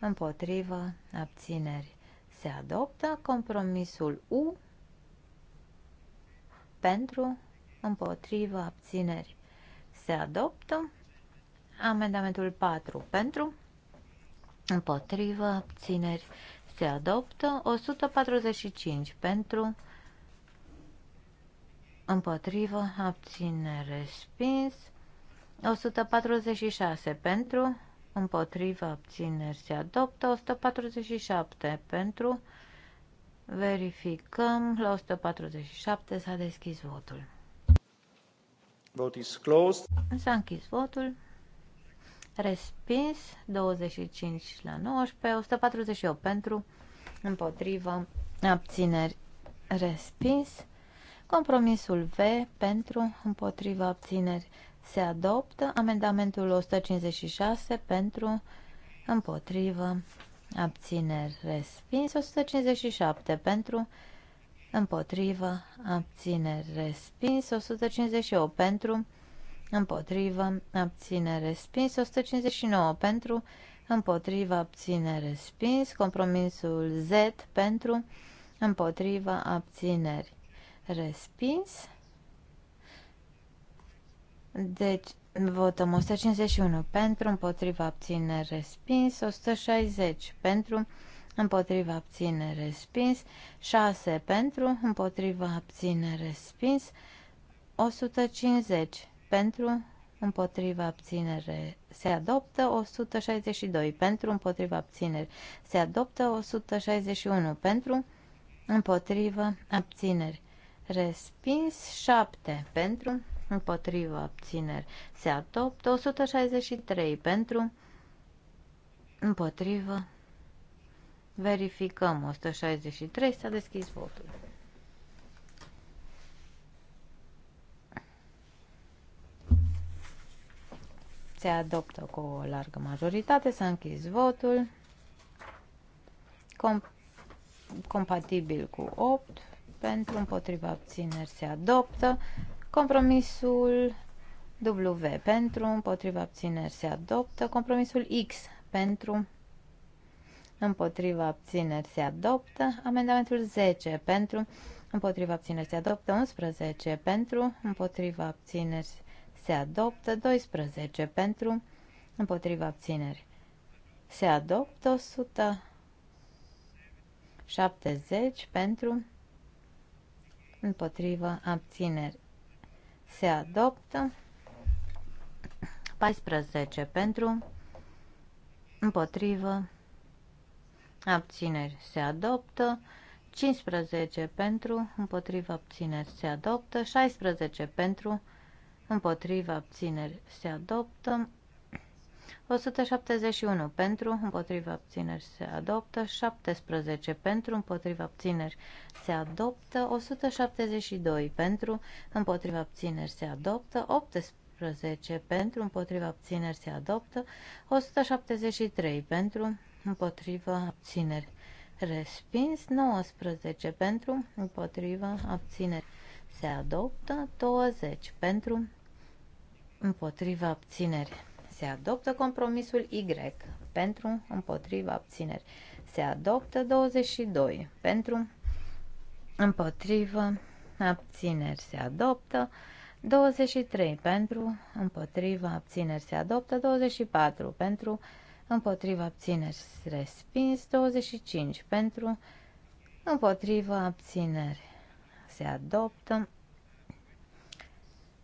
împotrivă, abțineri se adoptă. Compromisul U pentru, împotrivă, abțineri se adoptă. Amendamentul 4 pentru, împotrivă, abțineri se adoptă. 145 pentru, împotrivă, abțineri respins. 146 pentru, împotrivă, abțineri se adoptă. 147 pentru, verificăm. La 147 s-a deschis votul. Vote is closed. S-a închis votul respins, 25 la 19, 148 pentru, împotrivă, abțineri, respins, compromisul V pentru, împotrivă, abțineri, se adoptă, amendamentul 156 pentru, împotrivă, abțineri, respins, 157 pentru, împotrivă, abțineri, respins, 158 pentru, împotrivă, abține, respins. 159 pentru, împotrivă, abține, respins. Compromisul Z pentru, împotrivă, abțineri, respins. Deci, votăm 151 pentru, împotriva abține, respins. 160 pentru, împotriva abține, respins. 6 pentru, împotriva abține, respins. 150 pentru, împotriva abținere se adoptă 162 pentru, împotriva abținere se adoptă 161 pentru, împotriva abțineri respins 7 pentru, împotriva abțineri se adoptă 163 pentru, împotriva verificăm 163 s-a deschis votul. se adoptă cu o largă majoritate. S-a închis votul. Com- compatibil cu 8. Pentru împotriva abțineri se adoptă. Compromisul W pentru împotriva abțineri se adoptă. Compromisul X pentru împotriva abțineri se adoptă. Amendamentul 10 pentru împotriva abțineri se adoptă. 11 pentru împotriva abțineri se se adoptă 12 pentru, împotriva abțineri. Se adoptă 170 pentru, împotriva abțineri. Se adoptă 14 pentru, împotrivă, abțineri se adoptă, 15 pentru, împotrivă, abțineri se adoptă, 16 pentru, împotriva abțineri se adoptă. 171 pentru, împotriva abțineri se adoptă, 17 pentru, împotriva abțineri se adoptă, 172 pentru, împotriva abțineri se adoptă, 18 pentru, împotriva abțineri se adoptă, 173 pentru, împotriva abțineri respins, 19 pentru, împotriva abțineri se adoptă, 20 pentru, împotriva abțineri se adoptă compromisul Y pentru împotriva abțineri se adoptă 22 pentru împotriva abțineri se adoptă 23 pentru împotriva abțineri se adoptă 24 pentru împotriva abțineri respins 25 pentru împotriva abțineri se adoptă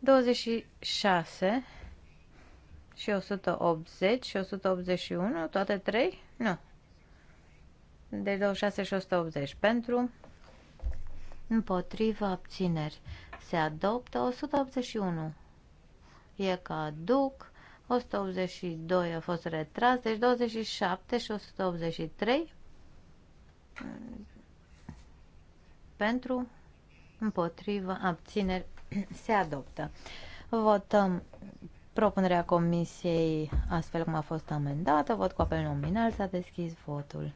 26 și 180 și 181, toate trei? Nu. De deci 26 și 180 pentru, împotriva abțineri. Se adoptă 181. E ca caduc. 182 a fost retras, deci 27 și 183 pentru împotrivă, abțineri, *clears throat* se adoptă. Votăm propunerea comisiei astfel cum a fost amendată. Vot cu apel nominal. S-a deschis votul.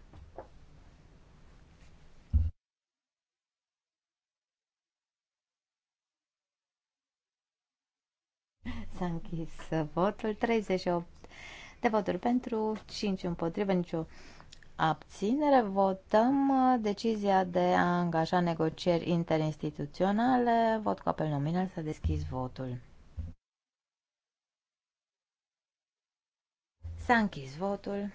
S-a închis votul. 38 de voturi pentru, 5 împotrivă, nicio abținere votăm uh, decizia de a angaja negocieri interinstituționale. Vot cu apel nominal să deschis votul. S-a închis votul.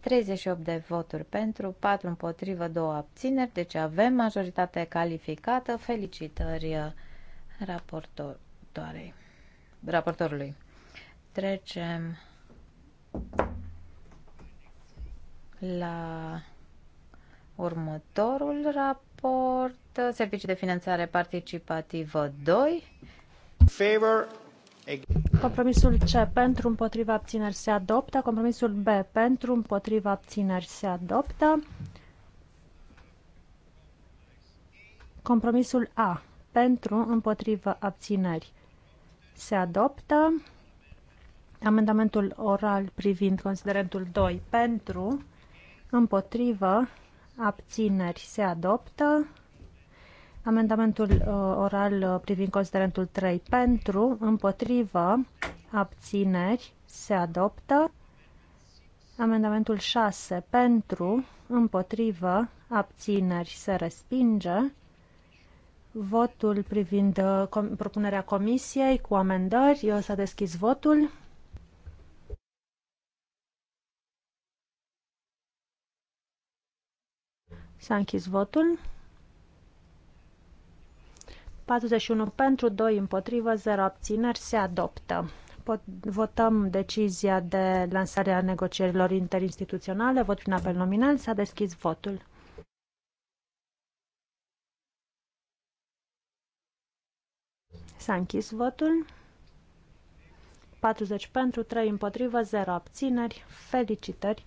38 de voturi pentru, 4 împotrivă, 2 abțineri, deci avem majoritate calificată. Felicitări uh, raportorului. Trecem la următorul raport, Serviciul de Finanțare Participativă 2. Favor. Compromisul C pentru împotriva abțineri se adoptă. Compromisul B pentru împotriva abțineri se adoptă. Compromisul A pentru împotriva abțineri se adoptă. Amendamentul oral privind considerentul 2 pentru împotrivă, abțineri se adoptă. Amendamentul uh, oral uh, privind considerentul 3 pentru, împotrivă, abțineri se adoptă. Amendamentul 6 pentru, împotrivă, abțineri se respinge. Votul privind uh, com propunerea comisiei cu amendări. O să deschis votul. S-a închis votul. 41 pentru, 2 împotrivă, 0 abțineri. Se adoptă. Pot, votăm decizia de lansare a negocierilor interinstituționale. Vot prin apel nominal. S-a deschis votul. S-a închis votul. 40 pentru, 3 împotrivă, 0 abțineri. Felicitări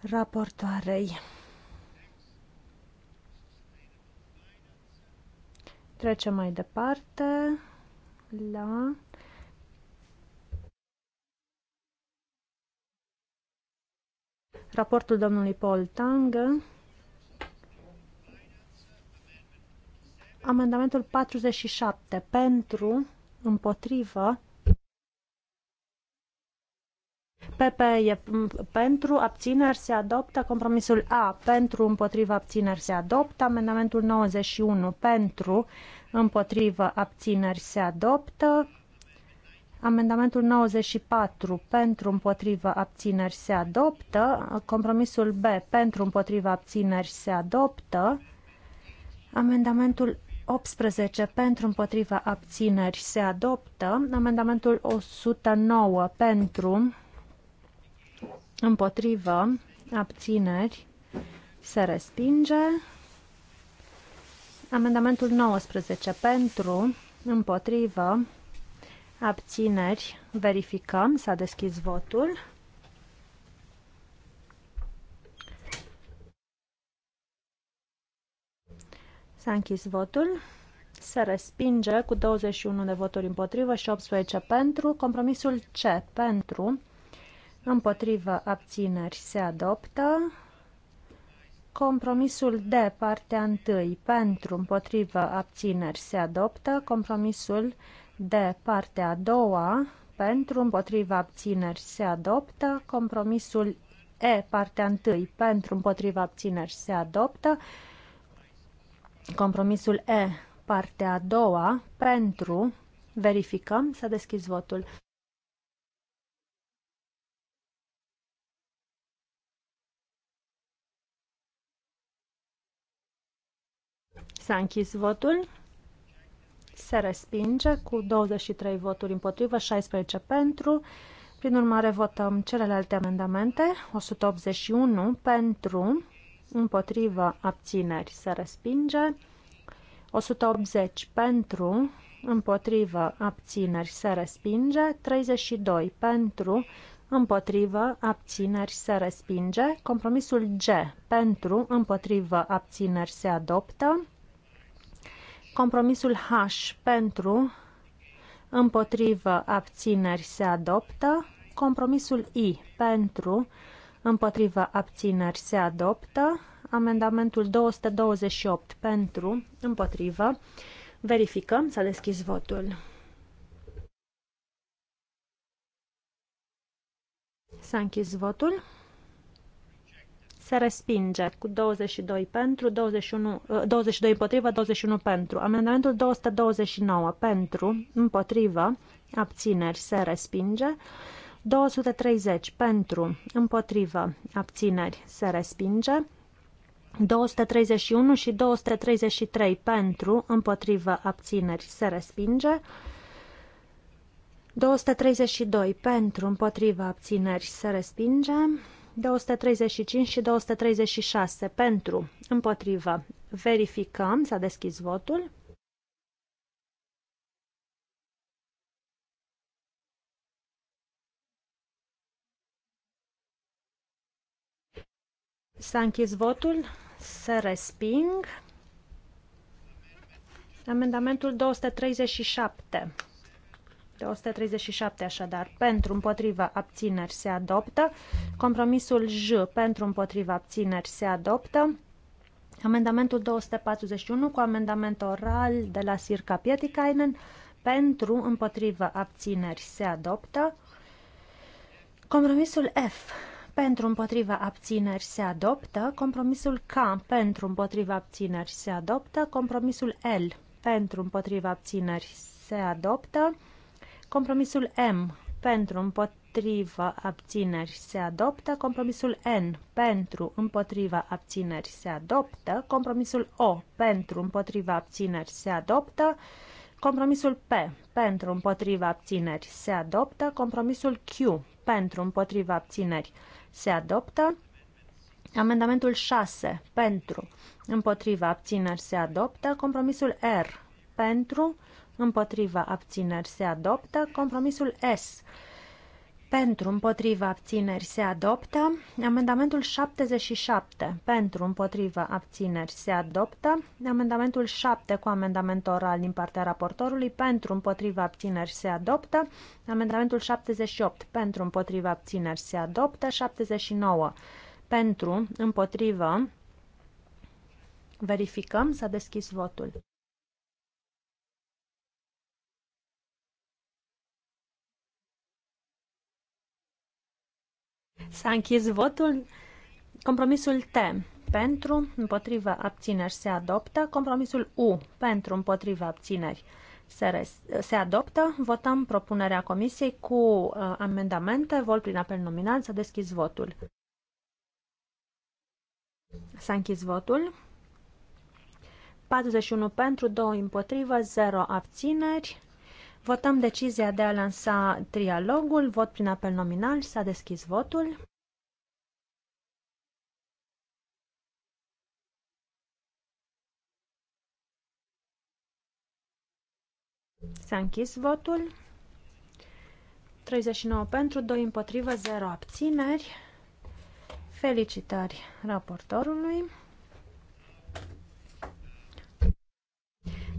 raportoarei. Trecem mai departe la raportul domnului Paul Tang. Amendamentul 47 pentru, împotrivă, PP e pentru, abțineri se adoptă, compromisul A pentru, împotriva, abțineri se adoptă, amendamentul 91 pentru, împotriva, abțineri se adoptă, amendamentul 94 pentru, împotriva, abțineri se adoptă, compromisul B pentru, împotriva, abțineri se adoptă, amendamentul 18 pentru împotriva abțineri se adoptă, amendamentul 109 pentru împotrivă, abțineri, se respinge. Amendamentul 19 pentru, împotrivă, abțineri, verificăm, s-a deschis votul. S-a închis votul. Se respinge cu 21 de voturi împotrivă și 18 pentru. Compromisul C pentru, Împotrivă abțineri se adoptă. Compromisul D, partea 1, pentru, împotrivă, abțineri se adoptă. Compromisul D, partea a doua, pentru, împotrivă, abțineri se adoptă. Compromisul E, partea 1, pentru, împotrivă, abțineri se adoptă. Compromisul E, partea a doua, pentru, verificăm, să deschis votul. S-a închis votul. Se respinge cu 23 voturi împotrivă, 16 pentru. Prin urmare, votăm celelalte amendamente. 181 pentru, împotrivă, abțineri, se respinge. 180 pentru, împotrivă, abțineri, se respinge. 32 pentru, împotrivă, abțineri, se respinge. Compromisul G pentru, împotrivă, abțineri, se adoptă. Compromisul H pentru, împotrivă, abțineri se adoptă. Compromisul I pentru, împotrivă, abțineri se adoptă. Amendamentul 228 pentru, împotrivă. Verificăm, s-a deschis votul. S-a închis votul. Se respinge cu 22 pentru, 21, 22 împotrivă, 21 pentru. Amendamentul 229 pentru, împotrivă, abțineri, se respinge. 230 pentru, împotrivă, abțineri, se respinge. 231 și 233 pentru, împotrivă, abțineri, se respinge. 232 pentru, împotriva abțineri se respinge. 235 și 236 pentru, împotrivă. Verificăm, s-a deschis votul. S-a închis votul, se resping. Amendamentul 237. 137 așadar. Pentru împotriva abțineri se adoptă. Compromisul J pentru împotriva abțineri se adoptă. Amendamentul 241 cu amendament oral de la Sirca Pietikainen pentru împotriva abțineri se adoptă. Compromisul F pentru împotriva abțineri se adoptă, compromisul K pentru împotriva abțineri se adoptă, compromisul L pentru împotriva abțineri se adoptă, Compromisul M pentru împotriva abțineri se adoptă. Compromisul N pentru împotriva abțineri se adoptă. Compromisul O pentru împotriva abțineri se adoptă. Compromisul P pentru împotriva abțineri se adoptă. Compromisul Q pentru împotriva abțineri se adoptă. Amendamentul 6 pentru împotriva abțineri se adoptă. Compromisul R pentru împotriva abțineri se adoptă. Compromisul S. Pentru împotriva abțineri se adoptă. Amendamentul 77. Pentru împotriva abțineri se adoptă. Amendamentul 7 cu amendament oral din partea raportorului. Pentru împotriva abțineri se adoptă. Amendamentul 78. Pentru împotriva abțineri se adoptă. 79. Pentru împotriva. Verificăm. S-a deschis votul. S-a închis votul. Compromisul T pentru, împotriva abțineri se adoptă. Compromisul U pentru, împotriva abțineri se, res- se adoptă. Votăm propunerea comisiei cu uh, amendamente. Vol prin apel nominal. să a deschis votul. S-a închis votul. 41 pentru, 2 împotrivă, 0 abțineri. Votăm decizia de a lansa trialogul. Vot prin apel nominal. S-a deschis votul. S-a închis votul. 39 pentru, 2 împotrivă, 0 abțineri. Felicitări raportorului.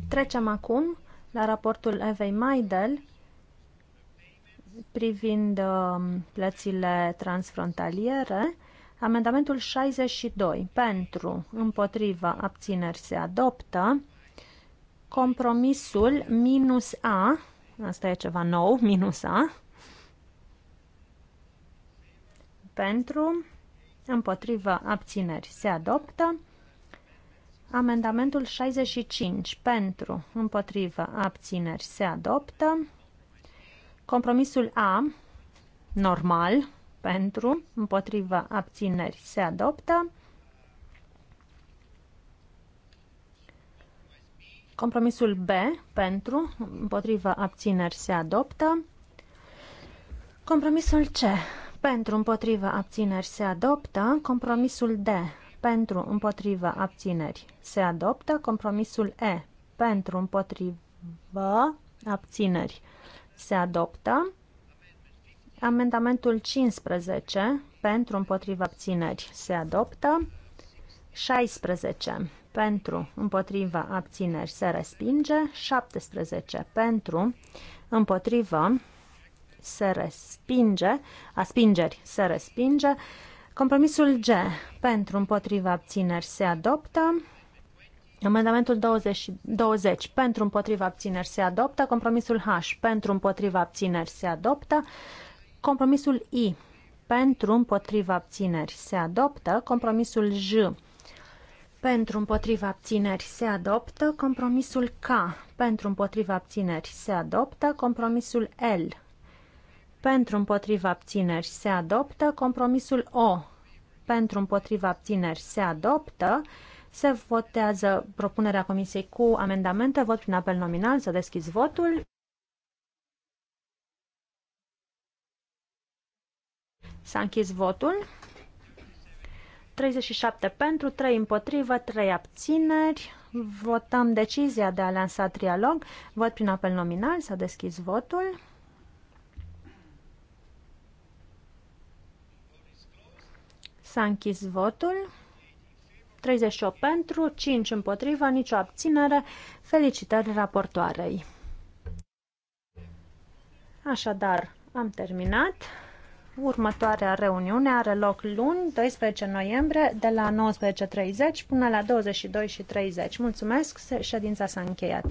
Trecem acum la raportul Evei Maidel privind um, plățile transfrontaliere, amendamentul 62 pentru, împotriva, abțineri se adoptă, compromisul minus A, asta e ceva nou, *laughs* minus A, pentru, împotriva, abțineri se adoptă, Amendamentul 65 pentru, împotrivă, abțineri se adoptă. Compromisul A, normal, pentru, împotrivă, abțineri se adoptă. Compromisul B, pentru, împotrivă, abțineri se adoptă. Compromisul C, pentru, împotrivă, abțineri se adoptă. Compromisul D, pentru, împotrivă, abțineri se adoptă. Compromisul E pentru, împotrivă, abțineri se adoptă. Amendamentul 15 pentru, împotrivă, abțineri se adoptă. 16 pentru, împotriva, abțineri se respinge, 17 pentru, împotriva, se respinge, a spingeri se respinge, Compromisul G. Pentru împotriva abțineri se adoptă. Amendamentul 20, 20. Pentru împotriva abțineri se adoptă. Compromisul H. Pentru împotriva abțineri se adoptă. Compromisul I. Pentru împotriva abțineri se adoptă. Compromisul J. Pentru împotriva abțineri se adoptă. Compromisul K. Pentru împotriva abțineri se adoptă. Compromisul L pentru împotriva abțineri se adoptă, compromisul O pentru împotriva abțineri se adoptă, se votează propunerea comisiei cu amendamente, vot prin apel nominal, să deschizi votul. S-a închis votul. 37 pentru, 3 împotrivă, 3 abțineri. Votăm decizia de a lansa trialog. Vot prin apel nominal, s-a deschis votul. S-a închis votul. 38 pentru, 5 împotriva, nicio abținere. Felicitări raportoarei. Așadar, am terminat. Următoarea reuniune are loc luni, 12 noiembrie, de la 19.30 până la 22.30. Mulțumesc, ședința s-a încheiat.